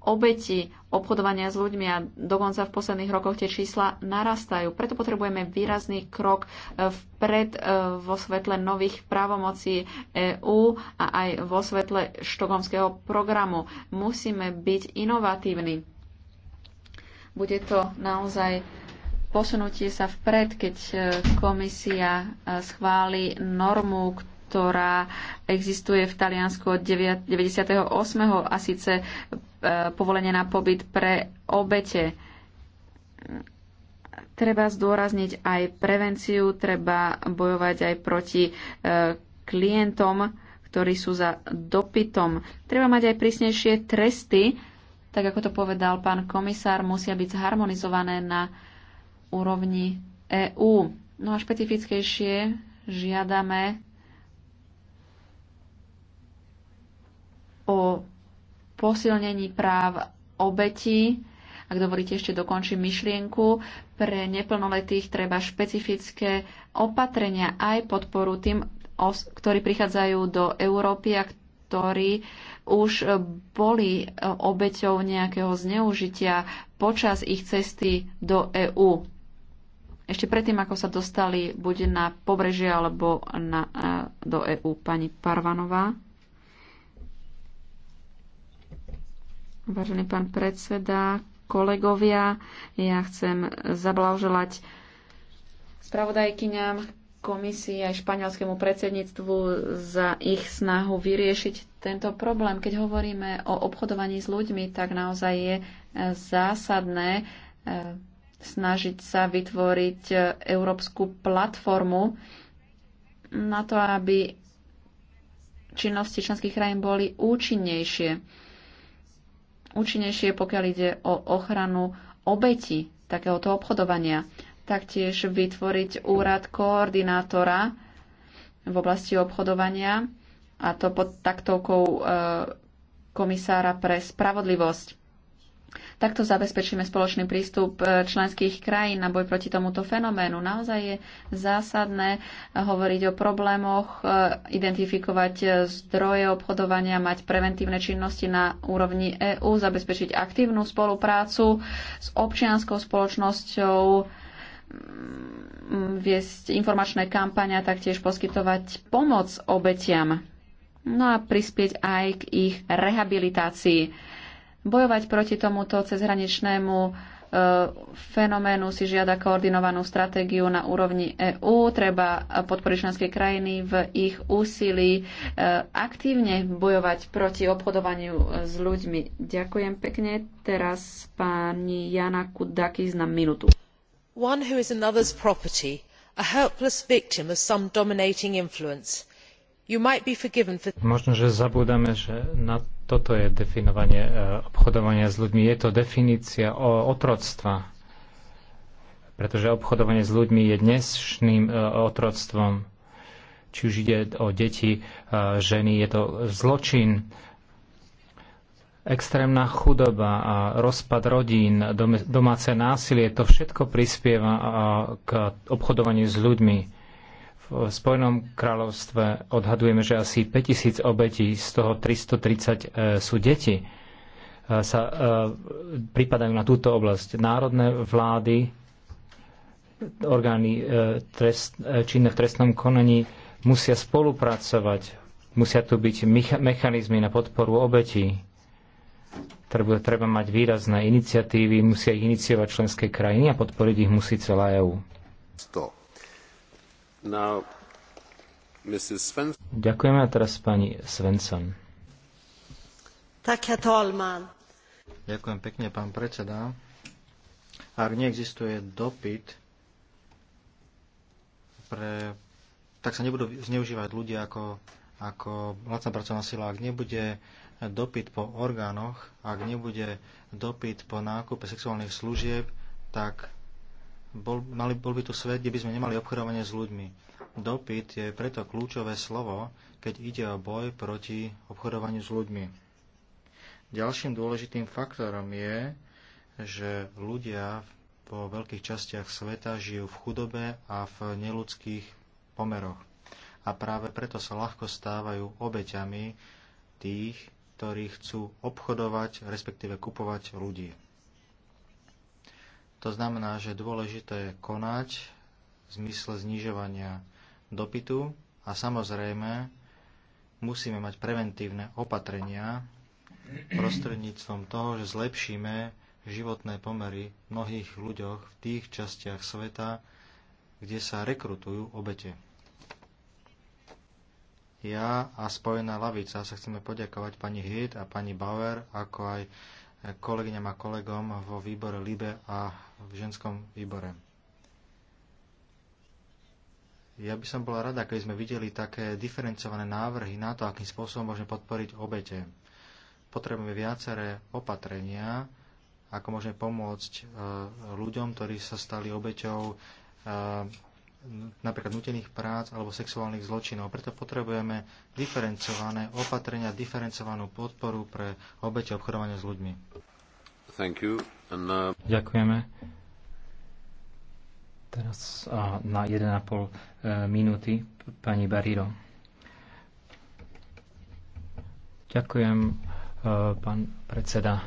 obeti obchodovania s ľuďmi a dokonca v posledných rokoch tie čísla narastajú. Preto potrebujeme výrazný krok e, vpred e, vo svetle nových právomocí EÚ a aj vo svetle štokomského programu. Musíme byť inovatívni. Bude to naozaj posunutie sa vpred, keď e, komisia schváli normu, ktorá existuje v Taliansku od 98. a síce E, povolenie na pobyt pre obete. Treba zdôrazniť aj prevenciu, treba bojovať aj proti e, klientom, ktorí sú za dopytom. Treba mať aj prísnejšie tresty, tak ako to povedal pán komisár, musia byť zharmonizované na úrovni EÚ. No a špecifickejšie žiadame o posilnení práv obetí. Ak dovolíte, ešte dokončím myšlienku. Pre neplnoletých treba špecifické opatrenia aj podporu tým, ktorí prichádzajú do Európy a ktorí už boli e, obeťou nejakého zneužitia počas ich cesty do EÚ. Ešte predtým, ako sa dostali buď na pobrežie alebo na, e, do EÚ, pani Parvanová. Vážený pán predseda, kolegovia, ja chcem zablahoželať spravodajkyňam komisii aj španielskému predsedníctvu za ich snahu vyriešiť tento problém. Keď hovoríme o obchodovaní s ľuďmi, tak naozaj je eh, zásadné eh, snažiť sa vytvoriť eh, európsku platformu na to, aby činnosti členských krajín boli účinnejšie účinnejšie, pokiaľ ide o ochranu obeti takéhoto obchodovania. Taktiež vytvoriť úrad koordinátora v oblasti obchodovania a to pod taktovkou e, komisára pre spravodlivosť. Takto zabezpečíme spoločný prístup e, členských krajín na boj proti tomuto fenoménu. Naozaj je zásadné e, hovoriť o problémoch, e, identifikovať zdroje obchodovania, mať preventívne činnosti na úrovni EÚ, zabezpečiť aktívnu spoluprácu s občianskou spoločnosťou, mm, viesť informačné kampania, taktiež poskytovať pomoc obetiam, no a prispieť aj k ich rehabilitácii. Bojovať proti tomuto cezhraničnému e, fenoménu si žiada koordinovanú stratégiu na úrovni EÚ. Treba podporiť členské krajiny v ich úsilí e, aktívne bojovať proti obchodovaniu e, s ľuďmi. Ďakujem pekne. Teraz pani Jana Kudakis na minútu. One who is another's property, a helpless victim of some dominating influence. You might be forgiven for... Možno, že zabúdame že na toto je definovanie e, obchodovania s ľuďmi. Je to definícia o otroctva. Pretože obchodovanie s ľuďmi je dnešným e, otroctvom. Či už ide o deti, e, ženy, je to zločin. Extrémna chudoba a rozpad rodín, domáce násilie, to všetko prispieva k obchodovaniu s ľuďmi v Spojenom kráľovstve odhadujeme, že asi 5000 obetí, z toho 330 e, sú deti, e, sa e, pripadajú na túto oblasť. Národné vlády, orgány trest, činné v trestnom konaní musia spolupracovať, musia tu byť mechanizmy na podporu obetí. Treba, treba mať výrazné iniciatívy, musia ich iniciovať členské krajiny a podporiť ich musí celá EÚ. 100. Now, Ďakujeme a teraz pani Svensson. Tak, Ďakujem pekne, pán predseda. Ak neexistuje dopyt, pre, tak sa nebudú zneužívať ľudia ako, ako lacná pracovná sila. Ak nebude dopyt po orgánoch, ak nebude dopyt po nákupe sexuálnych služieb, tak bol, mali, bol by tu svet, kde by sme nemali obchodovanie s ľuďmi. Dopyt je preto kľúčové slovo, keď ide o boj proti obchodovaniu s ľuďmi. Ďalším dôležitým faktorom je, že ľudia vo veľkých častiach sveta žijú v chudobe a v neludských pomeroch. A práve preto sa ľahko stávajú obeťami tých, ktorí chcú obchodovať, respektíve kupovať ľudí. To znamená, že dôležité je konať v zmysle znižovania dopytu a samozrejme musíme mať preventívne opatrenia prostredníctvom toho, že zlepšíme životné pomery mnohých ľuďoch v tých častiach sveta, kde sa rekrutujú obete. Ja a Spojená lavica sa chceme poďakovať pani Hit a pani Bauer, ako aj kolegyňam a kolegom vo výbore LIBE a v ženskom výbore. Ja by som bola rada, keď sme videli také diferencované návrhy na to, akým spôsobom môžeme podporiť obete. Potrebujeme viaceré opatrenia, ako môžeme pomôcť eh, ľuďom, ktorí sa stali obeťou eh, napríklad nutených prác alebo sexuálnych zločinov. Preto potrebujeme diferencované opatrenia, diferencovanú podporu pre obete obchodovania s ľuďmi. Thank you. And, uh... Ďakujeme. Teraz a, na 1,5 e, minúty pani Bariro. Ďakujem, e, pán predseda.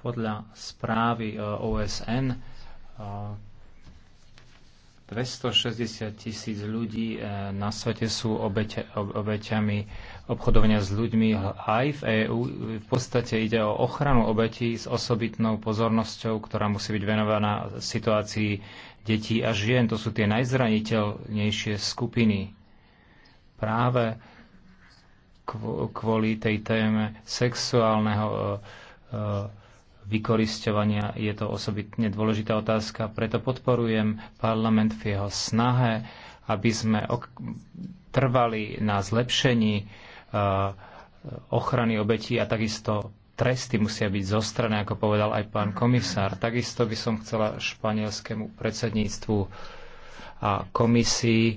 Podľa správy e, OSN 260 tisíc ľudí eh, na svete sú obeťami obchodovania s ľuďmi aj v EÚ. V podstate ide o ochranu obetí s osobitnou pozornosťou, ktorá musí byť venovaná situácii detí a žien. To sú tie najzraniteľnejšie skupiny. Práve kvôli tej téme sexuálneho eh, eh, vykoristovania. Je to osobitne dôležitá otázka, preto podporujem parlament v jeho snahe, aby sme trvali na zlepšení e, ochrany obetí a takisto tresty musia byť zostrané, ako povedal aj pán komisár. Takisto by som chcela španielskému predsedníctvu a komisii e,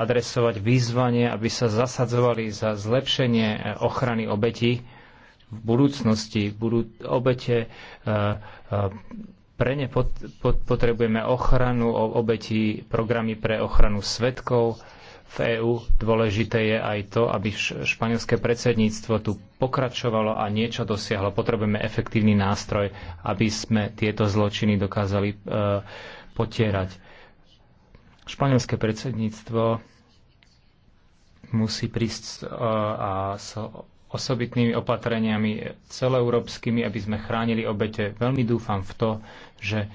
adresovať výzvanie, aby sa zasadzovali za zlepšenie ochrany obetí v budúcnosti, budú obete e, e, pre ne pot, pot, potrebujeme ochranu obetí, programy pre ochranu svetkov v EÚ. Dôležité je aj to, aby španielské predsedníctvo tu pokračovalo a niečo dosiahlo. Potrebujeme efektívny nástroj, aby sme tieto zločiny dokázali e, potierať. Španielské predsedníctvo musí prísť e, a so osobitnými opatreniami celoeurópskymi, aby sme chránili obete. Veľmi dúfam v to, že,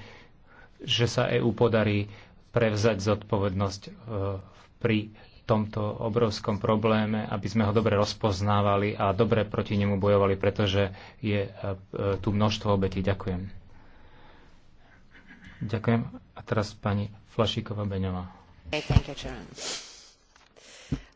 že sa EÚ podarí prevzať zodpovednosť e, pri tomto obrovskom probléme, aby sme ho dobre rozpoznávali a dobre proti nemu bojovali, pretože je e, tu množstvo obetí. Ďakujem. Ďakujem. A teraz pani Flašíková Beňová. Hey,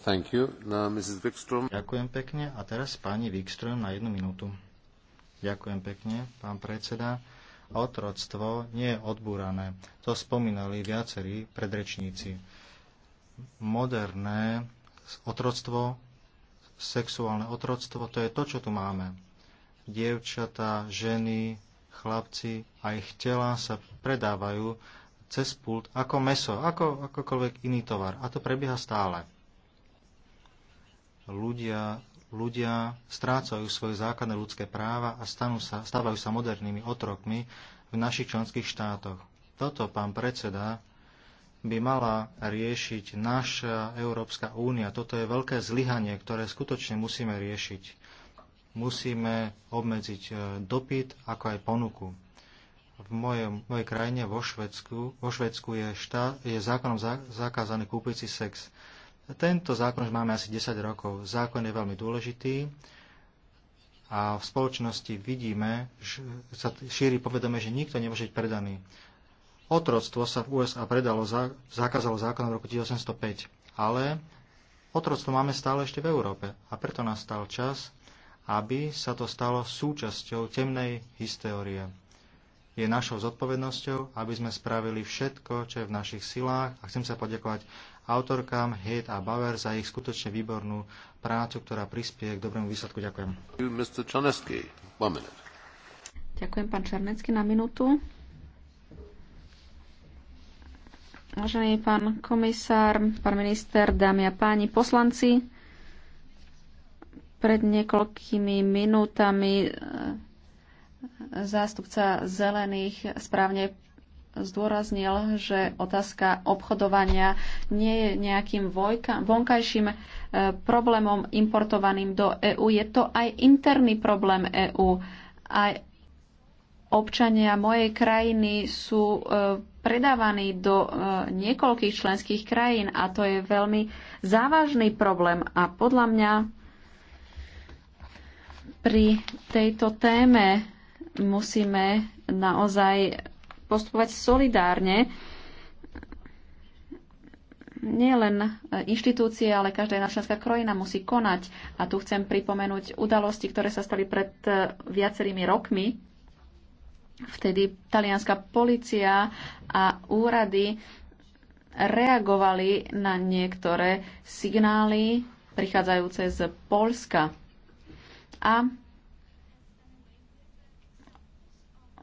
Thank you. Now, Mrs. Wikström. Ďakujem pekne. A teraz pani Wikström na jednu minútu. Ďakujem pekne, pán predseda. Otroctvo nie je odbúrané. To spomínali viacerí predrečníci. Moderné otroctvo, sexuálne otroctvo, to je to, čo tu máme. Dievčatá, ženy, chlapci, a ich tela sa predávajú cez pult ako meso, ako akokoľvek iný tovar. A to prebieha stále ľudia, ľudia strácajú svoje základné ľudské práva a stanú sa, stávajú sa modernými otrokmi v našich členských štátoch. Toto, pán predseda, by mala riešiť naša Európska únia. Toto je veľké zlyhanie, ktoré skutočne musíme riešiť. Musíme obmedziť e, dopyt, ako aj ponuku. V mojej, mojej krajine, vo Švedsku, vo Švedsku je, štát, je zákonom zakázaný kúpiť si sex. Tento zákon už máme asi 10 rokov. Zákon je veľmi dôležitý a v spoločnosti vidíme, že sa šíri povedomie, že nikto nemôže byť predaný. Otroctvo sa v USA predalo, zakázalo zákonom v roku 1805, ale otroctvo máme stále ešte v Európe a preto nastal čas, aby sa to stalo súčasťou temnej histórie. Je našou zodpovednosťou, aby sme spravili všetko, čo je v našich silách a chcem sa poďakovať autorkám Head a Bauer za ich skutočne výbornú prácu, ktorá prispieje k dobrému výsledku. Ďakujem. Ďakujem, pán Černecký, na minútu. Vážený pán komisár, pán minister, dámy a páni poslanci, pred niekoľkými minútami eh, zástupca zelených správne zdôraznil, že otázka obchodovania nie je nejakým vonkajším e, problémom importovaným do EÚ. Je to aj interný problém EÚ. Aj občania mojej krajiny sú e, predávaní do e, niekoľkých členských krajín a to je veľmi závažný problém. A podľa mňa pri tejto téme musíme naozaj postupovať solidárne. Nie len e, inštitúcie, ale každá jedna členská krajina musí konať. A tu chcem pripomenúť udalosti, ktoré sa stali pred e, viacerými rokmi. Vtedy talianská policia a úrady reagovali na niektoré signály prichádzajúce z Polska. A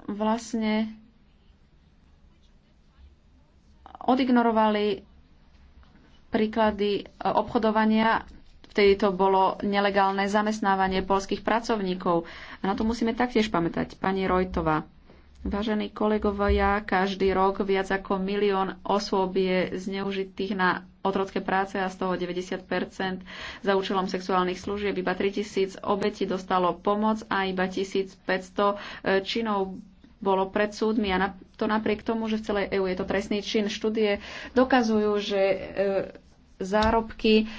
vlastne odignorovali príklady e, obchodovania, vtedy to bolo nelegálne zamestnávanie polských pracovníkov. A na to musíme taktiež pamätať. Pani Rojtová, vážení kolegovia, každý rok viac ako milión osôb je zneužitých na otrocké práce a z toho 90 za účelom sexuálnych služieb. Iba 3000 obetí dostalo pomoc a iba 1500 e, činov bolo pred súdmi a to napriek tomu, že v celej EÚ je to trestný čin. Štúdie dokazujú, že e, zárobky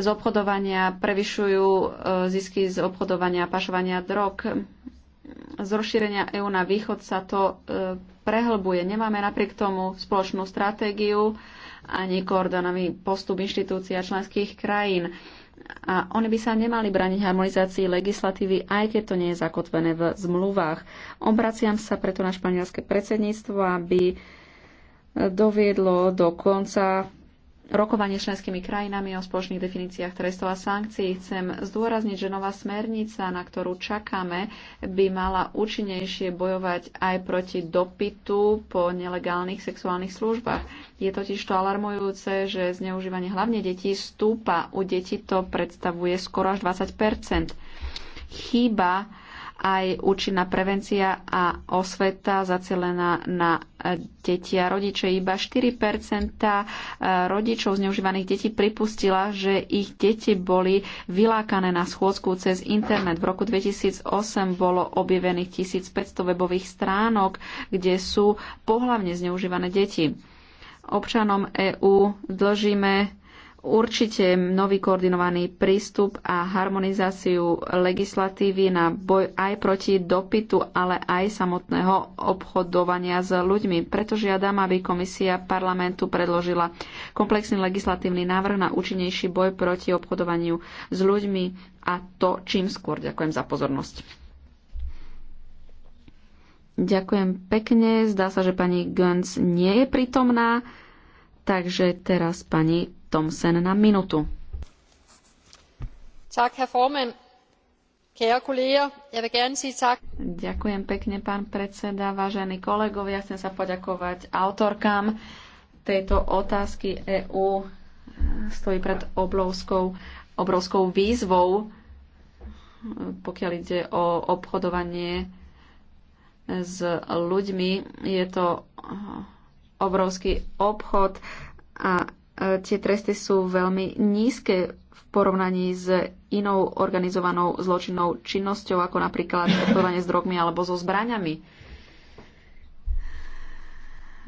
z obchodovania prevyšujú e, zisky z obchodovania a pašovania drog. Z rozšírenia EÚ na východ sa to e, prehlbuje. Nemáme napriek tomu spoločnú stratégiu ani koordinovaný postup inštitúcií a členských krajín a oni by sa nemali braniť harmonizácii legislatívy, aj keď to nie je zakotvené v zmluvách. Obraciam sa preto na španielské predsedníctvo, aby doviedlo do konca rokovanie s členskými krajinami o spoločných definíciách trestov a sankcií. Chcem zdôrazniť, že nová smernica, na ktorú čakáme, by mala účinnejšie bojovať aj proti dopytu po nelegálnych sexuálnych službách. Je totiž to alarmujúce, že zneužívanie hlavne detí stúpa. U detí to predstavuje skoro až 20 Chýba aj účinná prevencia a osveta zacelená na e, deti a rodiče. Iba 4 e, rodičov zneužívaných detí pripustila, že ich deti boli vylákané na schôdzku cez internet. V roku 2008 bolo objavených 1500 webových stránok, kde sú pohlavne zneužívané deti. Občanom EÚ dlžíme určite nový koordinovaný prístup a harmonizáciu legislatívy na boj aj proti dopytu, ale aj samotného obchodovania s ľuďmi. Preto žiadam, aby komisia parlamentu predložila komplexný legislatívny návrh na účinnejší boj proti obchodovaniu s ľuďmi a to čím skôr. Ďakujem za pozornosť. Ďakujem pekne. Zdá sa, že pani Gönc nie je prítomná. Takže teraz pani Thomsen na Tak, herr Formen. Ďakujem pekne, pán predseda, vážení kolegovia. Chcem sa poďakovať autorkám tejto otázky EÚ. Stojí pred obrovskou, obrovskou výzvou, pokiaľ ide o obchodovanie s ľuďmi. Je to obrovský obchod a tie tresty sú veľmi nízke v porovnaní s inou organizovanou zločinnou činnosťou, ako napríklad obchodovanie s drogmi alebo so zbraňami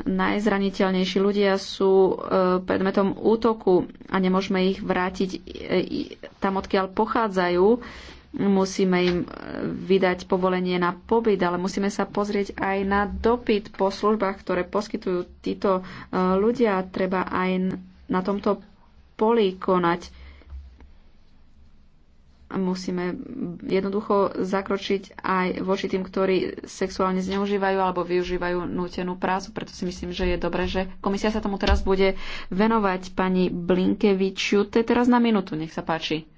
najzraniteľnejší ľudia sú e, predmetom útoku a nemôžeme ich vrátiť e, tam, odkiaľ pochádzajú. Musíme im e, vydať povolenie na pobyt, ale musíme sa pozrieť aj na dopyt po službách, ktoré poskytujú títo ľudia. Treba aj na tomto poli konať. Musíme jednoducho zakročiť aj voči tým, ktorí sexuálne zneužívajú alebo využívajú nútenú prácu. Preto si myslím, že je dobré, že komisia sa tomu teraz bude venovať. Pani Blinkevičiu, to je teraz na minútu, nech sa páči.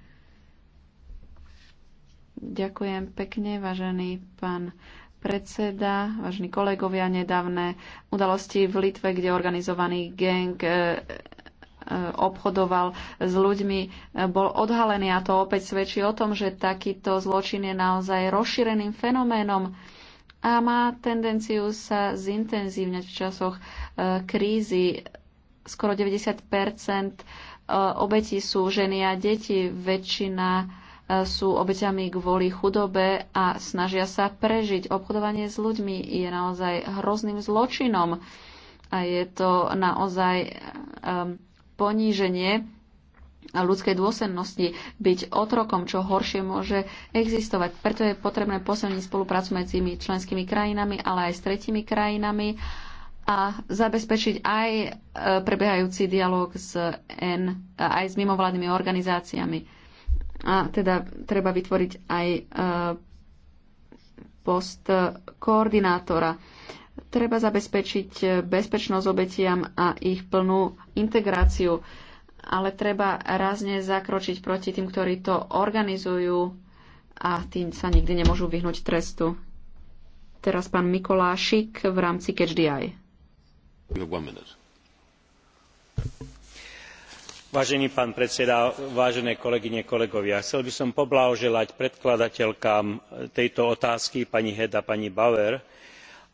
Ďakujem pekne, vážený pán predseda, vážení kolegovia, nedávne udalosti v Litve, kde organizovaný gang eh, obchodoval s ľuďmi, bol odhalený a to opäť svedčí o tom, že takýto zločin je naozaj rozšíreným fenoménom a má tendenciu sa zintenzívňať v časoch e, krízy. Skoro 90 e, obetí sú ženy a deti, väčšina e, sú obeťami kvôli chudobe a snažia sa prežiť. Obchodovanie s ľuďmi je naozaj hrozným zločinom a je to naozaj um, poníženie a ľudskej dôsennosti, byť otrokom, čo horšie môže existovať. Preto je potrebné posilniť spoluprácu medzi členskými krajinami, ale aj s tretimi krajinami a zabezpečiť aj e, prebiehajúci dialog s N, e, aj s mimovládnymi organizáciami. A teda treba vytvoriť aj e, post koordinátora treba zabezpečiť bezpečnosť obetiam a ich plnú integráciu. Ale treba rázne zakročiť proti tým, ktorí to organizujú a tým sa nikdy nemôžu vyhnúť trestu. Teraz pán Mikolášik v rámci Catch the Eye. Vážený pán predseda, vážené kolegyne, kolegovia, chcel by som poblahoželať predkladateľkám tejto otázky, pani Heda, pani Bauer,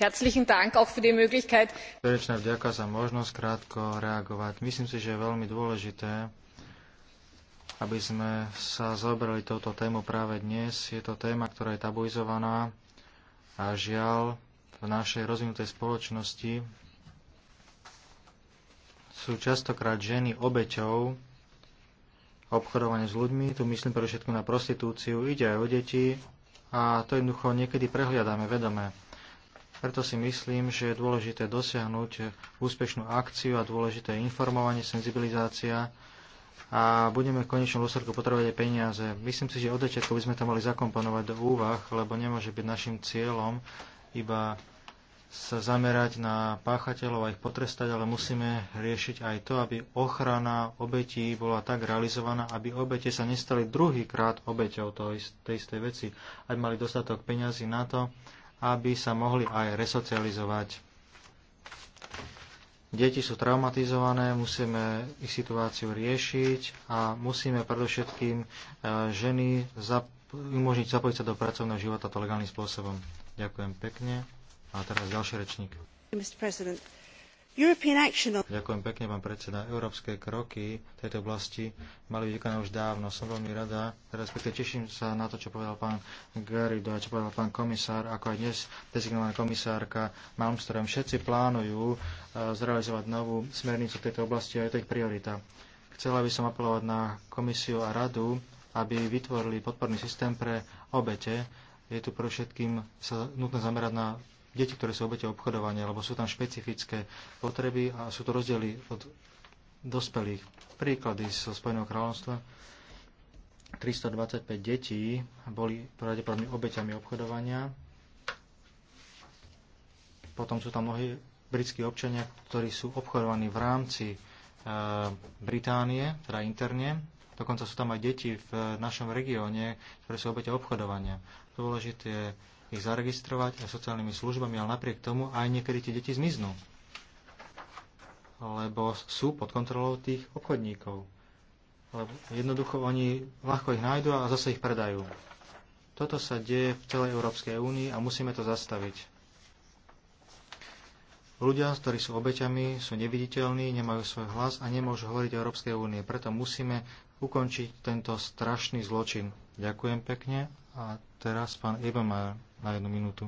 herzlichen Dank auch für die Möglichkeit. Srdečná vďaka za možnosť krátko reagovať. Myslím si, že je veľmi dôležité, aby sme sa zaoberali touto tému práve dnes. Je to téma, ktorá je tabuizovaná a žiaľ v našej rozvinutej spoločnosti sú častokrát ženy obeťou obchodovania s ľuďmi. Tu myslím pre všetko na prostitúciu. Ide aj o deti, a to jednoducho niekedy prehliadame vedome. Preto si myslím, že je dôležité dosiahnuť úspešnú akciu a dôležité informovanie, senzibilizácia a budeme v konečnom dôsledku potrebovať aj peniaze. Myslím si, že od začiatku by sme to mali zakomponovať do úvah, lebo nemôže byť našim cieľom iba sa zamerať na páchateľov a ich potrestať, ale musíme riešiť aj to, aby ochrana obetí bola tak realizovaná, aby obete sa nestali druhýkrát obeťou tej istej veci, aby mali dostatok peňazí na to, aby sa mohli aj resocializovať. Deti sú traumatizované, musíme ich situáciu riešiť a musíme predovšetkým e, ženy zap- umožniť zapojiť sa do pracovného života to legálnym spôsobom. Ďakujem pekne. A teraz ďalší rečník. Ďakujem pekne, pán predseda. Európske kroky v tejto oblasti mali byť vykonané už dávno. Som veľmi rada, pekne teším sa na to, čo povedal pán Garrido a čo povedal pán komisár, ako aj dnes dezignovaná komisárka Malmström. Všetci plánujú eh, zrealizovať novú smernicu v tejto oblasti a je to ich priorita. Chcela by som apelovať na komisiu a radu, aby vytvorili podporný systém pre obete. Je tu pre všetkým sa nutné zamerať na deti, ktoré sú obete obchodovania, lebo sú tam špecifické potreby a sú to rozdiely od dospelých. Príklady zo Spojeného kráľovstva. 325 detí boli pravdepodobne obeťami obchodovania. Potom sú tam mnohí britskí občania, ktorí sú obchodovaní v rámci e, Británie, teda interne. Dokonca sú tam aj deti v našom regióne, ktoré sú obete obchodovania. Dôležité je ich zaregistrovať a sociálnymi službami, ale napriek tomu aj niekedy tie deti zmiznú. Lebo sú pod kontrolou tých obchodníkov. Lebo jednoducho oni ľahko ich nájdu a zase ich predajú. Toto sa deje v celej Európskej únii a musíme to zastaviť. Ľudia, ktorí sú obeťami, sú neviditeľní, nemajú svoj hlas a nemôžu hovoriť o Európskej únie. Preto musíme ukončiť tento strašný zločin. Ďakujem pekne. A teraz pán Ibemeyer na jednu minútu.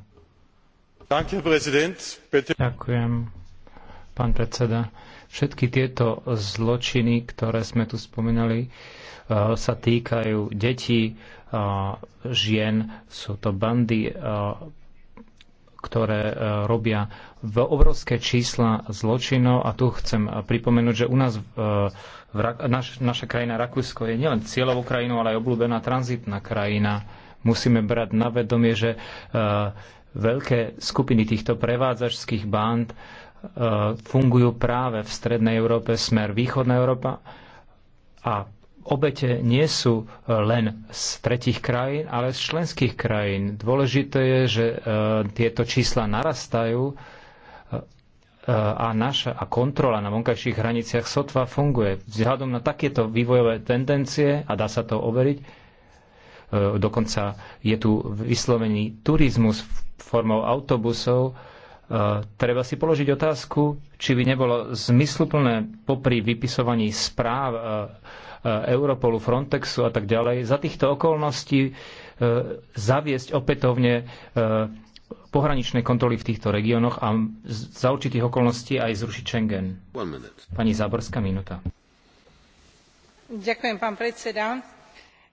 Ďakujem, pán predseda. Všetky tieto zločiny, ktoré sme tu spomínali, eh, sa týkajú detí, eh, žien, sú to bandy, eh, ktoré robia v obrovské čísla zločinov a tu chcem pripomenúť, že u nás naša krajina Rakúsko je nielen cieľovou krajinou, ale aj obľúbená tranzitná krajina Musíme brať na vedomie, že e, veľké skupiny týchto prevádzačských band e, fungujú práve v Strednej Európe smer Východná Európa a obete nie sú e, len z tretich krajín, ale z členských krajín. Dôležité je, že tieto čísla narastajú a naša a kontrola na vonkajších hraniciach sotva funguje. Vzhľadom na takéto vývojové tendencie, a dá sa to overiť, E, dokonca je tu vyslovený turizmus formou autobusov. E, treba si položiť otázku, či by nebolo zmysluplné popri vypisovaní správ e, Europolu, Frontexu a tak ďalej za týchto okolností zaviesť opätovne pohraničné kontroly v týchto regiónoch a za určitých okolností aj zrušiť Schengen. Pani Záborská, minúta. Ďakujem, pán predseda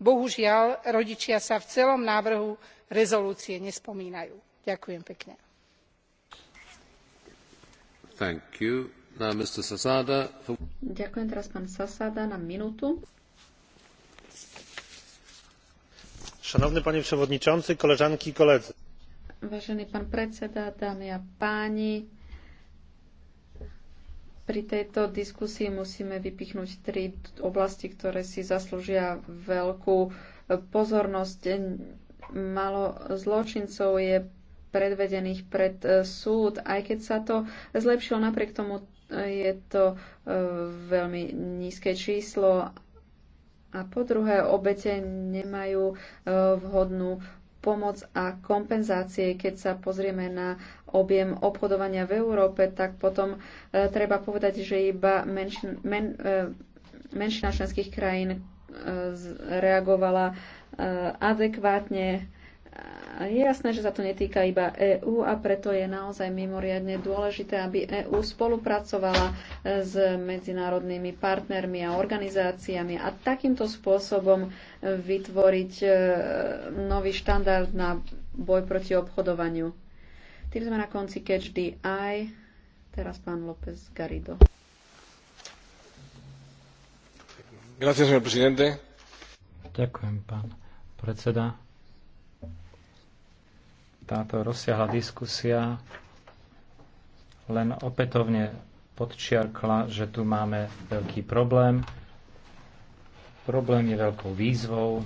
bohužiaľ rodičia sa v celom návrhu rezolúcie nespomínajú. ďakujem pekne. Now, pán zasada na minútu. szanowny panie przewodniczący koleżanki i koledzy! Pri tejto diskusii musíme vypichnúť tri oblasti, ktoré si zaslúžia veľkú e, pozornosť. Malo zločincov je predvedených pred e, súd, aj keď sa to zlepšilo, napriek tomu e, je to veľmi nízke číslo. A po druhé, obete nemajú vhodnú pomoc a kompenzácie. Keď sa pozrieme na objem obchodovania v Európe, tak potom e, treba povedať, že iba menšin, men, e, menšina členských krajín e, reagovala e, adekvátne a Je jasné, že sa to netýka iba EÚ a preto je naozaj mimoriadne dôležité, aby EÚ spolupracovala e, s medzinárodnými partnermi a organizáciami a takýmto spôsobom vytvoriť e, nový štandard na boj proti obchodovaniu. Tým sme na konci Catch the Eye. Teraz pán López Garrido. Gracias, señor presidente. Ďakujem, pán predseda táto rozsiahla diskusia len opätovne podčiarkla, že tu máme veľký problém. Problém je veľkou výzvou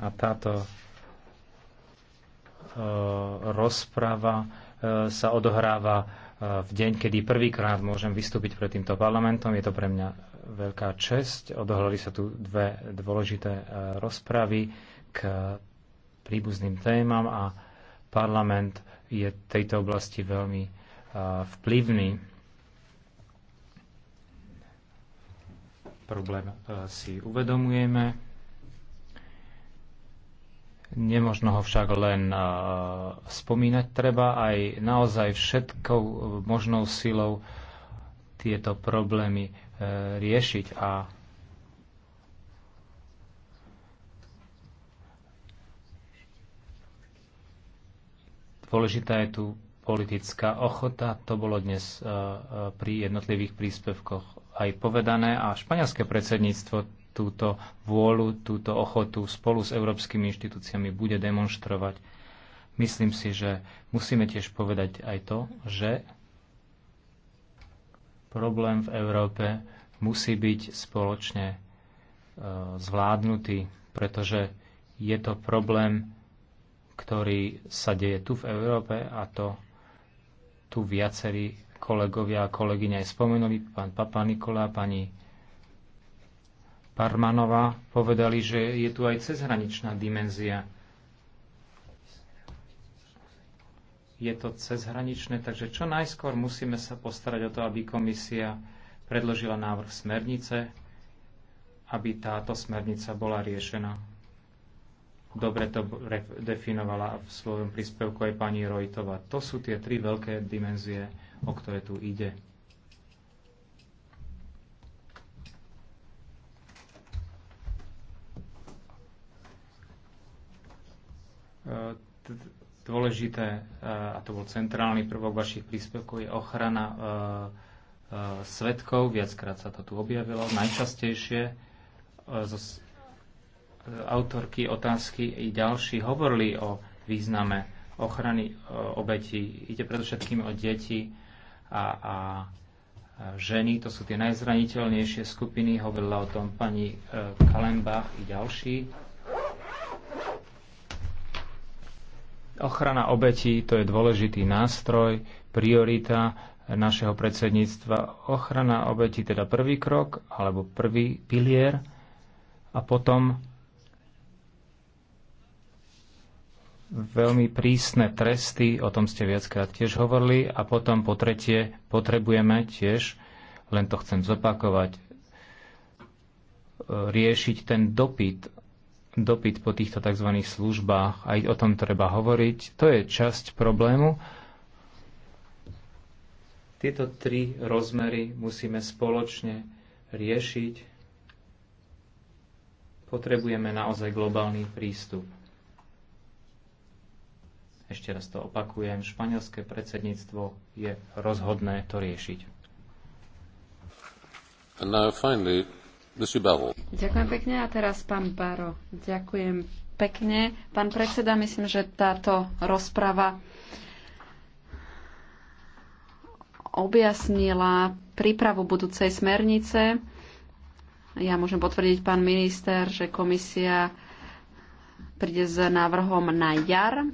a táto e, rozprava e, sa odohráva e, v deň, kedy prvýkrát môžem vystúpiť pred týmto parlamentom. Je to pre mňa veľká česť. Odohrali sa tu dve dôležité e, rozpravy k príbuzným témam a parlament je v tejto oblasti veľmi e, vplyvný. Problém e, si uvedomujeme. Nemožno ho však len spomínať. Treba aj naozaj všetkou možnou silou tieto problémy riešiť a dôležitá je tu politická ochota. To bolo dnes e, e, pri jednotlivých príspevkoch aj povedané a španielské predsedníctvo túto vôľu, túto ochotu spolu s európskymi inštitúciami bude demonstrovať. Myslím si, že musíme tiež povedať aj to, že Problém v Európe musí byť spoločne e, zvládnutý, pretože je to problém, ktorý sa deje tu v Európe a to tu viacerí kolegovia a kolegyne aj spomenuli, pán Papa Nikola, pani Parmanová, povedali, že je tu aj cezhraničná dimenzia je to cezhraničné, takže čo najskôr musíme sa postarať o to, aby komisia predložila návrh smernice, aby táto smernica bola riešená. Dobre to definovala v svojom príspevku aj pani Rojtova. To sú tie tri veľké dimenzie, o ktoré tu ide. Uh, Dôležité, e, a to bol centrálny prvok vašich príspevkov, je ochrana e, e, svetkov. Viackrát sa to tu objavilo. Najčastejšie zo autorky otázky i ďalší hovorili o význame ochrany obetí. Ide predovšetkým o deti a, a ženy, to sú tie najzraniteľnejšie skupiny, hovorila o tom pani Kalembach i ďalší Ochrana obetí to je dôležitý nástroj, priorita našeho predsedníctva. Ochrana obetí teda prvý krok alebo prvý pilier a potom veľmi prísne tresty, o tom ste viackrát tiež hovorili a potom po tretie potrebujeme tiež, len to chcem zopakovať, riešiť ten dopyt dopyt po týchto tzv. službách, aj o tom treba hovoriť. To je časť problému. Tieto tri rozmery musíme spoločne riešiť. Potrebujeme naozaj globálny prístup. Ešte raz to opakujem, španielské predsedníctvo je rozhodné to riešiť. And now finally, Ďakujem pekne a teraz pán Baro. Ďakujem pekne. Pán predseda, myslím, že táto rozprava objasnila prípravu budúcej smernice. Ja môžem potvrdiť, pán minister, že komisia príde s návrhom na jar.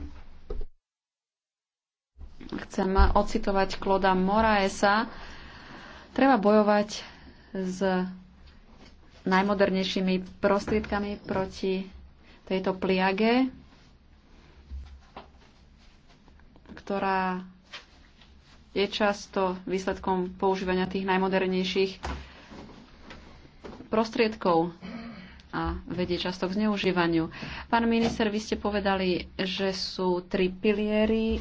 Chcem ocitovať Kloda Moraesa. Treba bojovať s najmodernejšími prostriedkami proti tejto pliage, ktorá je často výsledkom používania tých najmodernejších prostriedkov a vedie často k zneužívaniu. Pán minister, vy ste povedali, že sú tri piliery,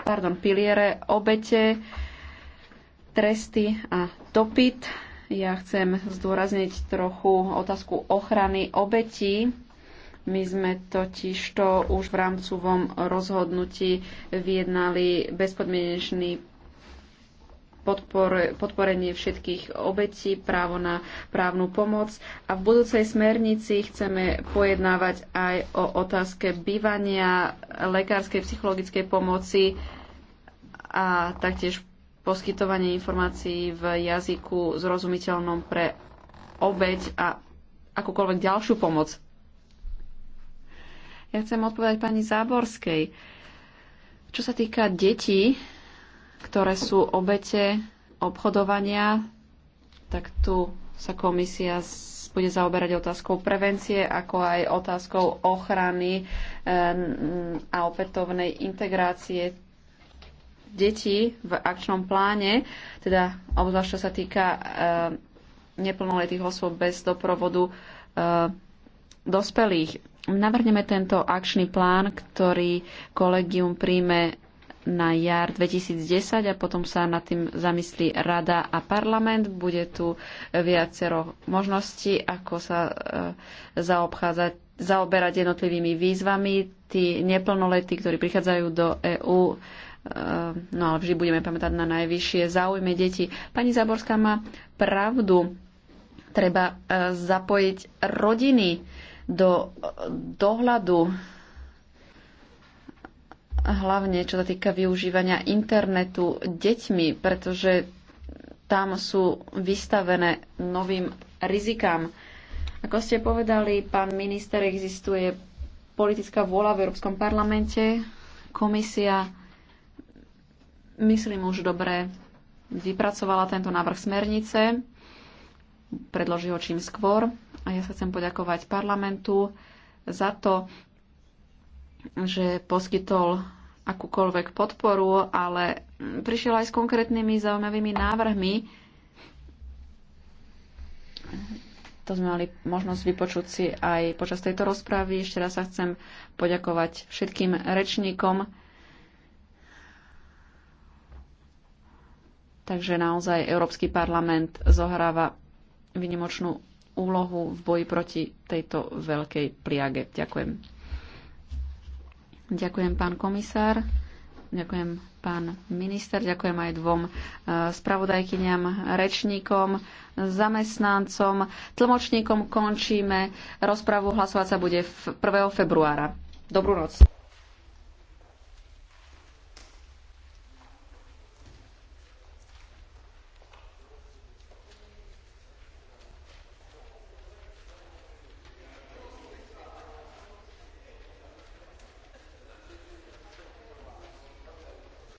pardon, piliere, obete, tresty a dopyt ja chcem zdôrazniť trochu otázku ochrany obetí. My sme totiž to už v rámcovom rozhodnutí vyjednali bezpodmienečný podpor, podporenie všetkých obetí, právo na právnu pomoc a v budúcej smernici chceme pojednávať aj o otázke bývania, lekárskej, psychologickej pomoci a taktiež poskytovanie informácií v jazyku zrozumiteľnom pre obeď a akúkoľvek ďalšiu pomoc. Ja chcem odpovedať pani Záborskej. Čo sa týka detí, ktoré sú obete obchodovania, tak tu sa komisia bude zaoberať otázkou prevencie, ako aj otázkou ochrany a opätovnej integrácie detí v akčnom pláne, teda obzvlášť čo sa týka eh, neplnoletých osôb bez doprovodu eh, dospelých. Navrhneme tento akčný plán, ktorý kolegium príjme na jar 2010 a potom sa nad tým zamyslí rada a parlament. Bude tu viacero možností, ako sa eh, zaobchádzať, zaoberať jednotlivými výzvami. Tí neplnoletí, ktorí prichádzajú do EÚ, Eh, no ale vždy budeme pamätať na najvyššie záujme detí. Pani Záborská má pravdu. Treba eh, zapojiť rodiny do eh, dohľadu hlavne čo sa týka využívania internetu deťmi, pretože tam sú vystavené novým rizikám. Ako ste povedali, pán minister, existuje politická vôľa v Európskom parlamente, komisia myslím, už dobre vypracovala tento návrh smernice. Predloží ho čím skôr. A ja sa chcem poďakovať parlamentu za to, že poskytol akúkoľvek podporu, ale prišiel aj s konkrétnymi zaujímavými návrhmi. To sme mali možnosť vypočuť si aj počas tejto rozpravy. Ešte raz sa chcem poďakovať všetkým rečníkom Takže naozaj Európsky parlament zohráva vynimočnú úlohu v boji proti tejto veľkej pliage. Ďakujem. Ďakujem, pán komisár. Ďakujem, pán minister, ďakujem aj dvom e, spravodajkyňam, rečníkom, zamestnancom, tlmočníkom. Končíme. Rozpravu hlasovať sa bude 1. februára. Dobrú noc.